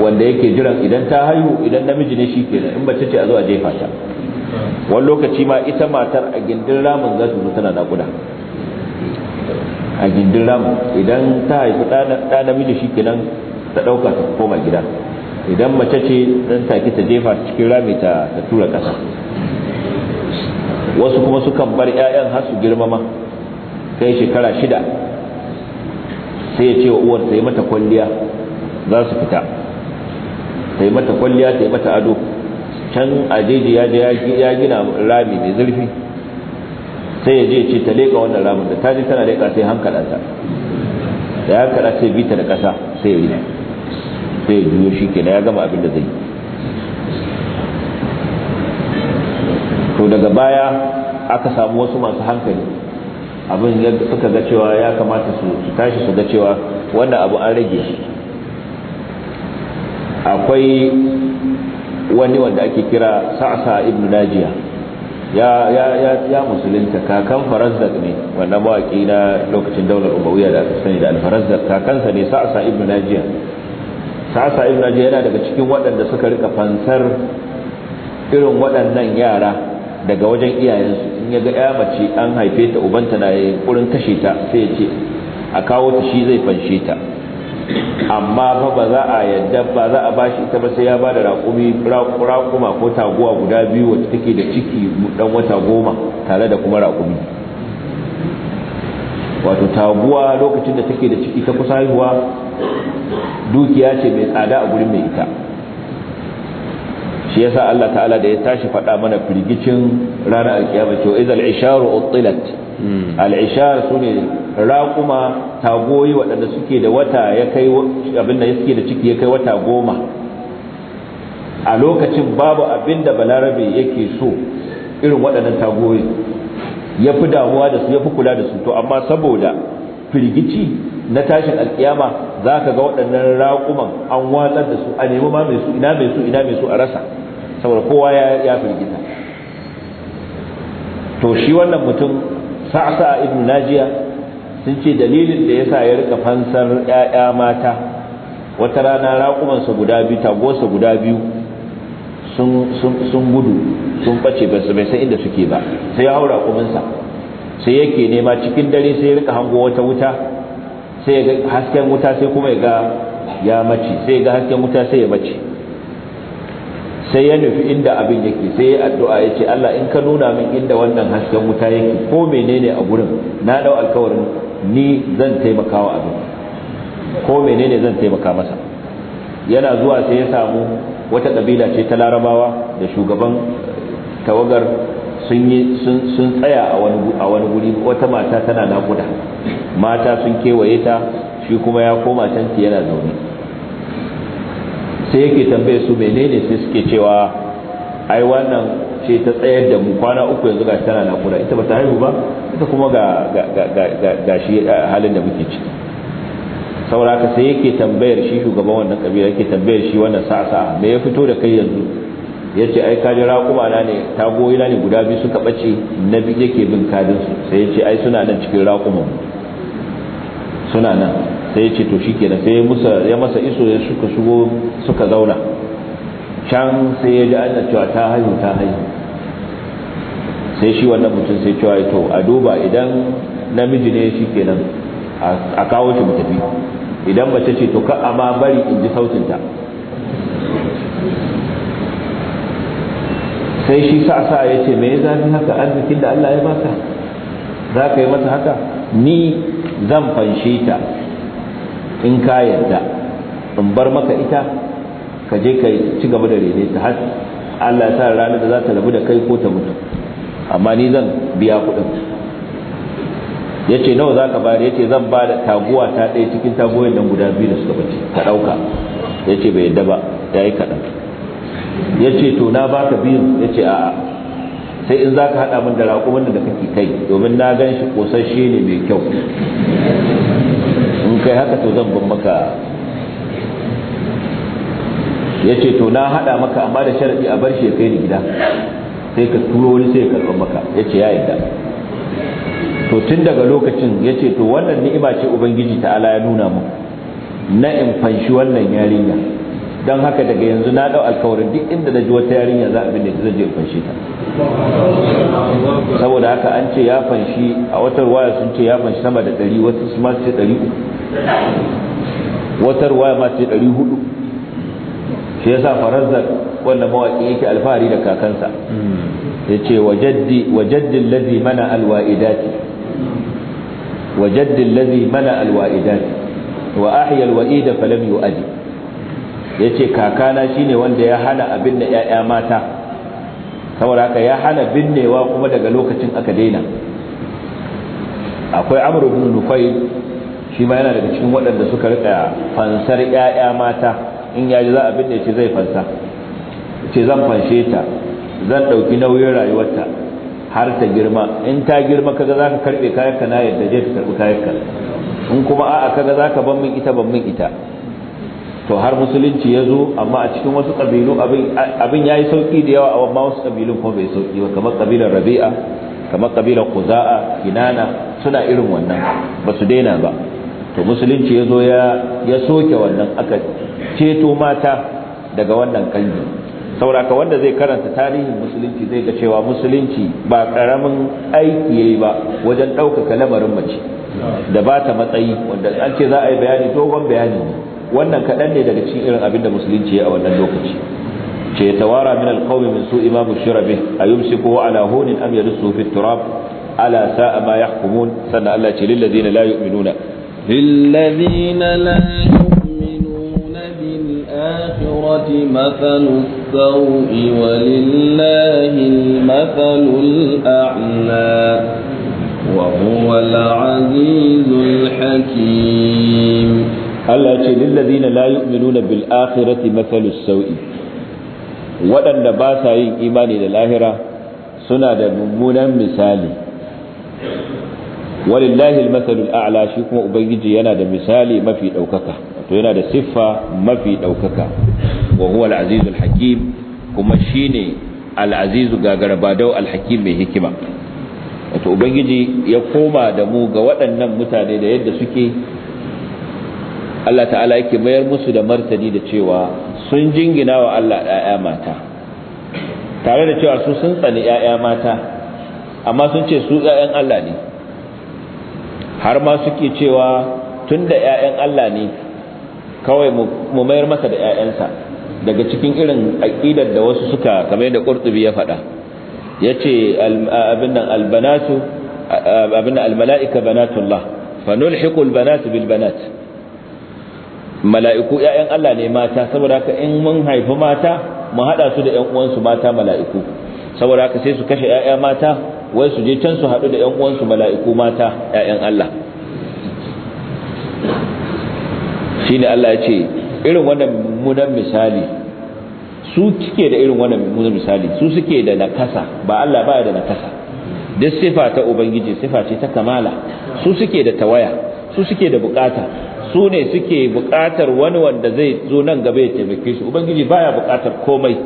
wanda yake jiran idan ta haihu idan namiji ne shi kenan in bace ce a zo a jefa ta wani lokaci ma ita matar a gindin ramin za su zo tana naƙuda a gindin ramin idan ta haifi ɗa namiji shi kenan ta ɗauka ta koma gida idan mace ce ɗan take ta jefa cikin rami ta tura ƙasa wasu kuma sukan bar 'ya'yan har su girmama kai shekara shida sai ya ce wa uwar ta yi mata kwalliya za su fita ta yi mata kwalliya ta yi mata ado can a jeji ya je ya gina rami mai zurfi sai ya je ce ta leƙa wannan ramin da ta je tana leƙa sai hankalanta da ya kada sai bita da ƙasa sai ya rina sai ya juyo shi kenan ya gama abin da zai to daga baya aka samu wasu masu hankali abin suka ga cewa ya kamata su tashi su ga cewa wannan abu an rage akwai wani wanda ake kira sa'asa ibn najiya ya ya ya ya musulunta kakan farazzak ne wanda mawaki na lokacin daular umawiya da sani da al kakansa ne sa'asa ibn najiya sa'asa ibn najiya yana daga cikin waɗanda suka rika fansar irin waɗannan yara daga wajen iyayensu in ya ga ya mace an haife ta ubanta na yayin kurin kashe ta sai ya ce a kawo ta shi zai fanshe ta amma fa ba za a yadda ba za a bashi ita ba sai ya ba da raƙumi raƙuma ko taguwa guda biyu wacce take da ciki dan wata goma tare da kuma raƙumi wato taguwa lokacin da take da ciki ta kusa haihuwa dukiya ce mai tsada a gurin mai ita shi yasa Allah ta'ala da ya tashi faɗa mana firgicin ranar alkiyama cewa idal isharu utilat Hmm. al'ishar su ne raƙuma tagoyi waɗanda suke da wata ya kai abin da suke da ciki ya kai wata goma a lokacin babu abin da balarabe yake so irin waɗannan tagoyi ya fi damuwa da su ya fi kula da su to amma saboda firgici na tashin alƙiyama za ka ga waɗannan raƙuman an watsar da su a nemi ma mai su ina mai su ina mai su a rasa saboda kowa ya firgita to shi wannan mutum sa'sa ibn najiya sun ce dalilin da yasa ya rika fansar ƴaƴa mata wata rana raƙumansa guda biyu tagosa guda biyu sun gudu sun bace ba su bai san inda suke ba sai ya haura sa sai yake nema cikin dare sai ya rika hango wata wuta sai ya ga hasken wuta sai kuma ya ga ya mace sai ya ga hasken wuta sai ya mace sai ya nufi inda abin yake sai ya addu'a ya ce Allah in ka nuna min inda wannan hasken wuta yake ko menene a gurin na dau alkawarin ni zan taimaka wa abin ko menene zan taimaka masa yana zuwa sai ya samu wata kabila ce ta larabawa da shugaban eh, tawagar sun yi sun tsaya a wani a wani guri wata mata tana nakuda mata sun kewaye ta shi kuma ya koma tanti yana zaune sai yake tambaye su menene sai suke cewa ai wannan ce ta tsayar da mu kwana uku yanzu gashi tana na kura ita ba ta haihu ba ita kuma ga ga shi halin da muke ciki sauraka sai yake tambayar shi shugaban wannan kabila yake tambayar shi wannan sa'sa me ya fito da kai yanzu yace ai kaji raƙuma na ne goyi na ne guda biyu suka bace nabi yake bin kadin su sai yace ai suna nan cikin raƙuma suna nan sai ya ce to shi ke sai ya masa iso ya suka shigo suka zauna can sai ya ji ana cewa ta haihu ta haihu sai shi wannan mutum sai cewa to a duba idan namiji ne shi ke nan a kawo shi mu tafi idan mace ce to ka amma bari in ji sautinta sai shi sa sa ya ce me zafi haka arzikin da Allah ya masa za ka yi masa haka ni zan fanshe ta in ka yarda in bar maka ita ka je ka ci gaba da rene ta har Allah ya sa ranar da za ta rabu da kai ko ta mutu amma ni zan biya kuɗin ya ce nawa za ka bayar ya ce zan ba da taguwa ta ɗaya cikin taguwar nan guda biyu da suka bace ka ɗauka ya ce bai yadda ba ya yi kaɗan ya ce to na baka biyun ya ce a'a sai in za ka haɗa min da raƙumin da kake kai domin na gan shi ƙosashe ne mai kyau kai haka to zan bin maka ya ce to na haɗa maka amma da sharaɗi a bar shi ya kai ni gida sai ka turo wani sai ya karɓar maka ya ce ya yadda to tun daga lokacin ya ce to wannan ni'ima ce ubangiji ta'ala ya nuna mu na in fanshi wannan yarinya don haka daga yanzu na ɗau alkawarin duk inda na ji wata yarinya za a binne ta zan je in fanshi ta saboda haka an ce ya fanshi a wata ruwaya sun ce ya fanshi sama da ɗari wasu su ma ce ɗari uku wata ruwaya ma ce ɗari hudu shi yasa faransa wannan mawaƙi yake alfahari da kakansa hmm. ya ce wa jaddin lazi mana alwa'idati wa jaddin lazi mana alwa'idati wa ahiyal wa'ida falam yu'adi ya ce kakana shine wanda ya hana abin da 'ya'ya mata saboda haka ya hana binnewa kuma daga lokacin aka daina akwai amr bin nufai shi ma yana daga cikin waɗanda suka rika fansar ƴaƴa mata in ya ji za a binne ce zai fansa ce zan fanshe ta zan ɗauki nauyin rayuwarta har ta girma in ta girma kaga za ka karɓe kayanka na yadda je ka karɓi kayanka in kuma a'a kaga za ka ban min ita ban min ita to har musulunci ya zo amma a cikin wasu ƙabilu abin ya yi sauƙi da yawa amma wasu ƙabilun kuma bai sauƙi ba kamar ƙabilar rabi'a kamar ƙabilar kuza'a kinana suna irin wannan ba su daina ba to musulunci ya zo ya soke wannan aka ceto mata daga wannan kalbi sauraka wanda zai karanta tarihin musulunci zai ga cewa musulunci ba ƙaramin aiki ya ba wajen ɗaukaka lamarin mace da ba ta matsayi wanda an ce za a yi bayani dogon bayani ne wannan kaɗan ne daga cikin irin abin da musulunci ya a wannan lokaci ce tawara min alqawmi min su'i ma bushira bih ayumsikuhu ala hunin am yadsuhu fit turab ala sa'a ma yahkumun sannan Allah ce lil ladina la yu'minuna lil ladina la yu'minuna bil akhirati mathalu sawi walillahi al mathalul a'la وهو العزيز الحكيم Allah ya ce lillazina la yu'minuna bil akhirati mathalus sawi wadanda ba sa yin imani da lahira suna da mummunan misali walillahi almathalul a'la shi kuma ubangiji yana da misali mafi daukaka to yana da siffa mafi ɗaukaka wa huwa al hakim kuma shine al-azizu gagarabadau al-hakim mai hikima wato ubangiji ya koma da mu ga waɗannan mutane da yadda suke Allah ta'ala yake mayar musu da martani da cewa sun jingina wa Allah ɗaya mata tare da cewa su sun tsani ‘ya'ya mata amma sun ce su ‘ya'yan Allah ne har ma suke cewa tun da ‘ya'yan Allah ne kawai mu mayar masa da ‘ya'yansa daga cikin irin aƙidar da wasu suka kamar da ƙurtubi ya faɗa ya ce abin nan albanatu almala'ika banatullah fa nulhiqul banatu bil banat mala'iku ‘ya'yan Allah ne mata saboda haka in mun haifi mata mu haɗa su da ‘yan uwansu mata mala'iku saboda haka sai su kashe ‘ya'ya mata wai su je can su haɗu da ‘yan uwansu mala'iku mata ‘ya'yan Allah shi ne Allah ya ce irin wannan mummunan misali su suke da irin wannan mummunan misali su suke da nakasa ba Allah ba da nakasa duk sifa ta Ubangiji sifa ce ta kamala su suke da tawaya su suke da bukata su ne suke buƙatar wani wanda zai zo nan gaba ya taimake shi ubangiji baya buƙatar komai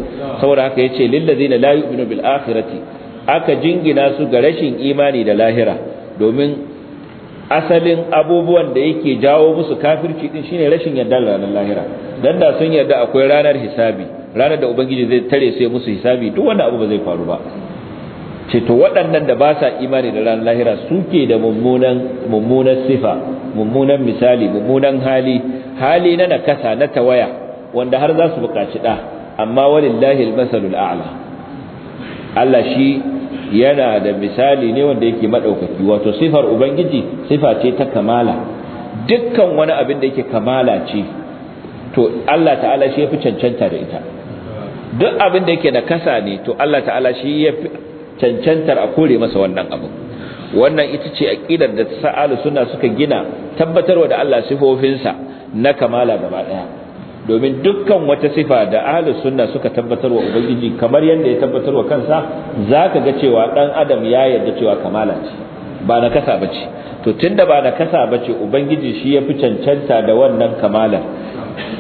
saboda haka yace lillazina la yu'minu bil akhirati aka jingina su ga rashin imani da lahira domin asalin abubuwan da yake jawo musu kafirci din shine rashin yarda da ranar lahira dan da sun yarda akwai ranar hisabi ranar da ubangiji zai tare sai musu hisabi duk wani abu ba zai faru ba ce to waɗannan da ba sa imani da ranar lahira suke da mummunan mummunan sifa mummunan misali mummunan hali hali na nakasa na tawaya wanda har za su buƙaci da amma walillahi almasalul a'la Allah shi yana da misali ne wanda yake madaukaki wato sifar ubangiji sifa ce ta kamala dukkan wani abin da yake kamala ce to Allah ta'ala shi yafi cancanta da ita duk abin da yake nakasa ne to Allah ta'ala shi yafi cancantar a kore masa wannan abu wannan ita ce aqidar da sa'alu suna suka gina tabbatarwa da Allah sifofinsa na kamala gaba daya domin dukkan wata sifa da ahlus sunna suka tabbatarwa ubangiji kamar yanda ya tabbatarwa kansa zaka ga cewa dan adam ya yarda cewa kamala ce ba na kasa bace to tunda ba na kasa bace ubangiji shi ya fi cancanta da wannan kamala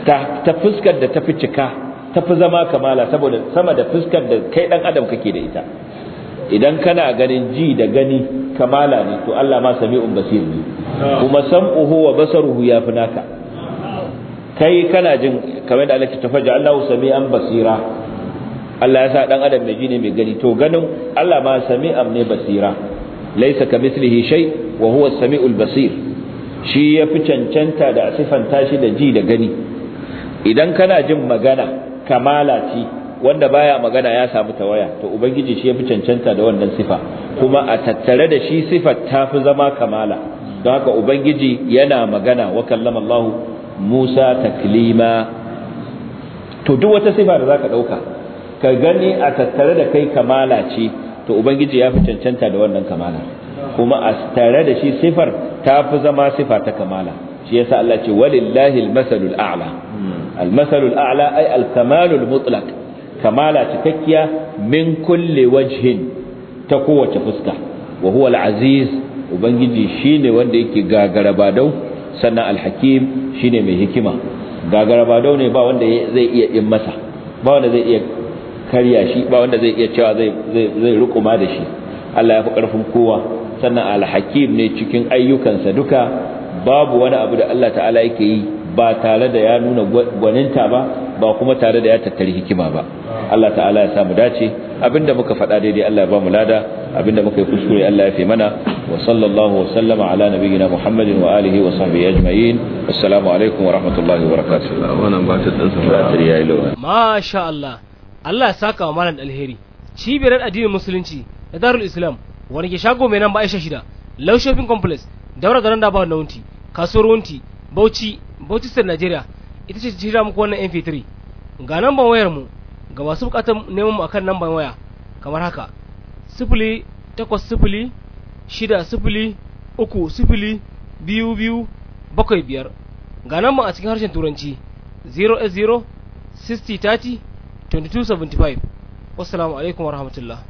ta, ta fuskar da ta fi cika ta zama kamala saboda sama da fuskar da kai dan adam kake da ita idan kana ganin ji da gani kamala ne to Allah ma sami'un basir ne kuma sam'uhu wa basaruhu yafi naka kai kana jin kamar da Allah ke tafaja Allah sami'an basira Allah ya sa dan adam mai ji ne mai gani to ganin Allah ma sami'an ne basira laysa mislihi shay wa huwa samiul basir shi ya fi cancanta da sifanta shi da ji da gani idan kana jin magana kamala ce wanda baya magana ya samu tawaya to ubangiji shi yafi cancanta da wannan sifa kuma a tattare da shi sifar tafi zama kamala don haka ubangiji yana magana wa kallama Allah Musa taklima to duk wata sifa da zaka dauka ka gani a tattare da kai kamala ce to ubangiji ya fi cancanta da wannan kamala kuma a tare da shi sifar ta fi zama sifa ta kamala shi yasa Allah ce walillahi almasalul a'la hmm. almasalul a'la ay alkamalul mutlaq kamala cikakkiya min kulli wajhin ta kowace fuska wa huwa al-aziz ubangiji shine wanda yake dau sannan al-hakim shine mai hikima dau ne ba wanda zai iya yin masa ba wanda zai iya karya shi ba wanda zai iya cewa zai zai rukuma da shi Allah ya fi karfin kowa sannan al-hakim ne cikin ayyukansa duka babu wani abu da Allah ta'ala yake yi ba tare da ya nuna gwaninta ba ba kuma tare da ya tattari hikima ba Allah ta'ala ya samu dace abinda muka faɗa daidai Allah ya ba mu lada abinda muka yi kuskure Allah ya fi mana wa sallallahu wa sallama ala nabiyyina Muhammadin wa alihi wa sahbihi ajma'in assalamu alaikum wa rahmatullahi wa barakatuh wannan ba ta dan safaratiri yayi ma masha Allah Allah ya saka wa malam alheri cibiyar addinin musulunci da darul islam wani ke shago mai nan ba Aisha shida Low Shopping Complex daura garin da ba wannan kasuwar wunti Bauchi Bauchi sir Nigeria ita ce jira muku wannan mp3 ga namban wayar mu ga masu bukatar neman mu akan namban waya kamar haka sifili takwas sifili shida sifili uku sifili bakwai biyar ga namban a cikin harshen turanci 080 60 30 2275 wassalamu alaikum warahmatullahi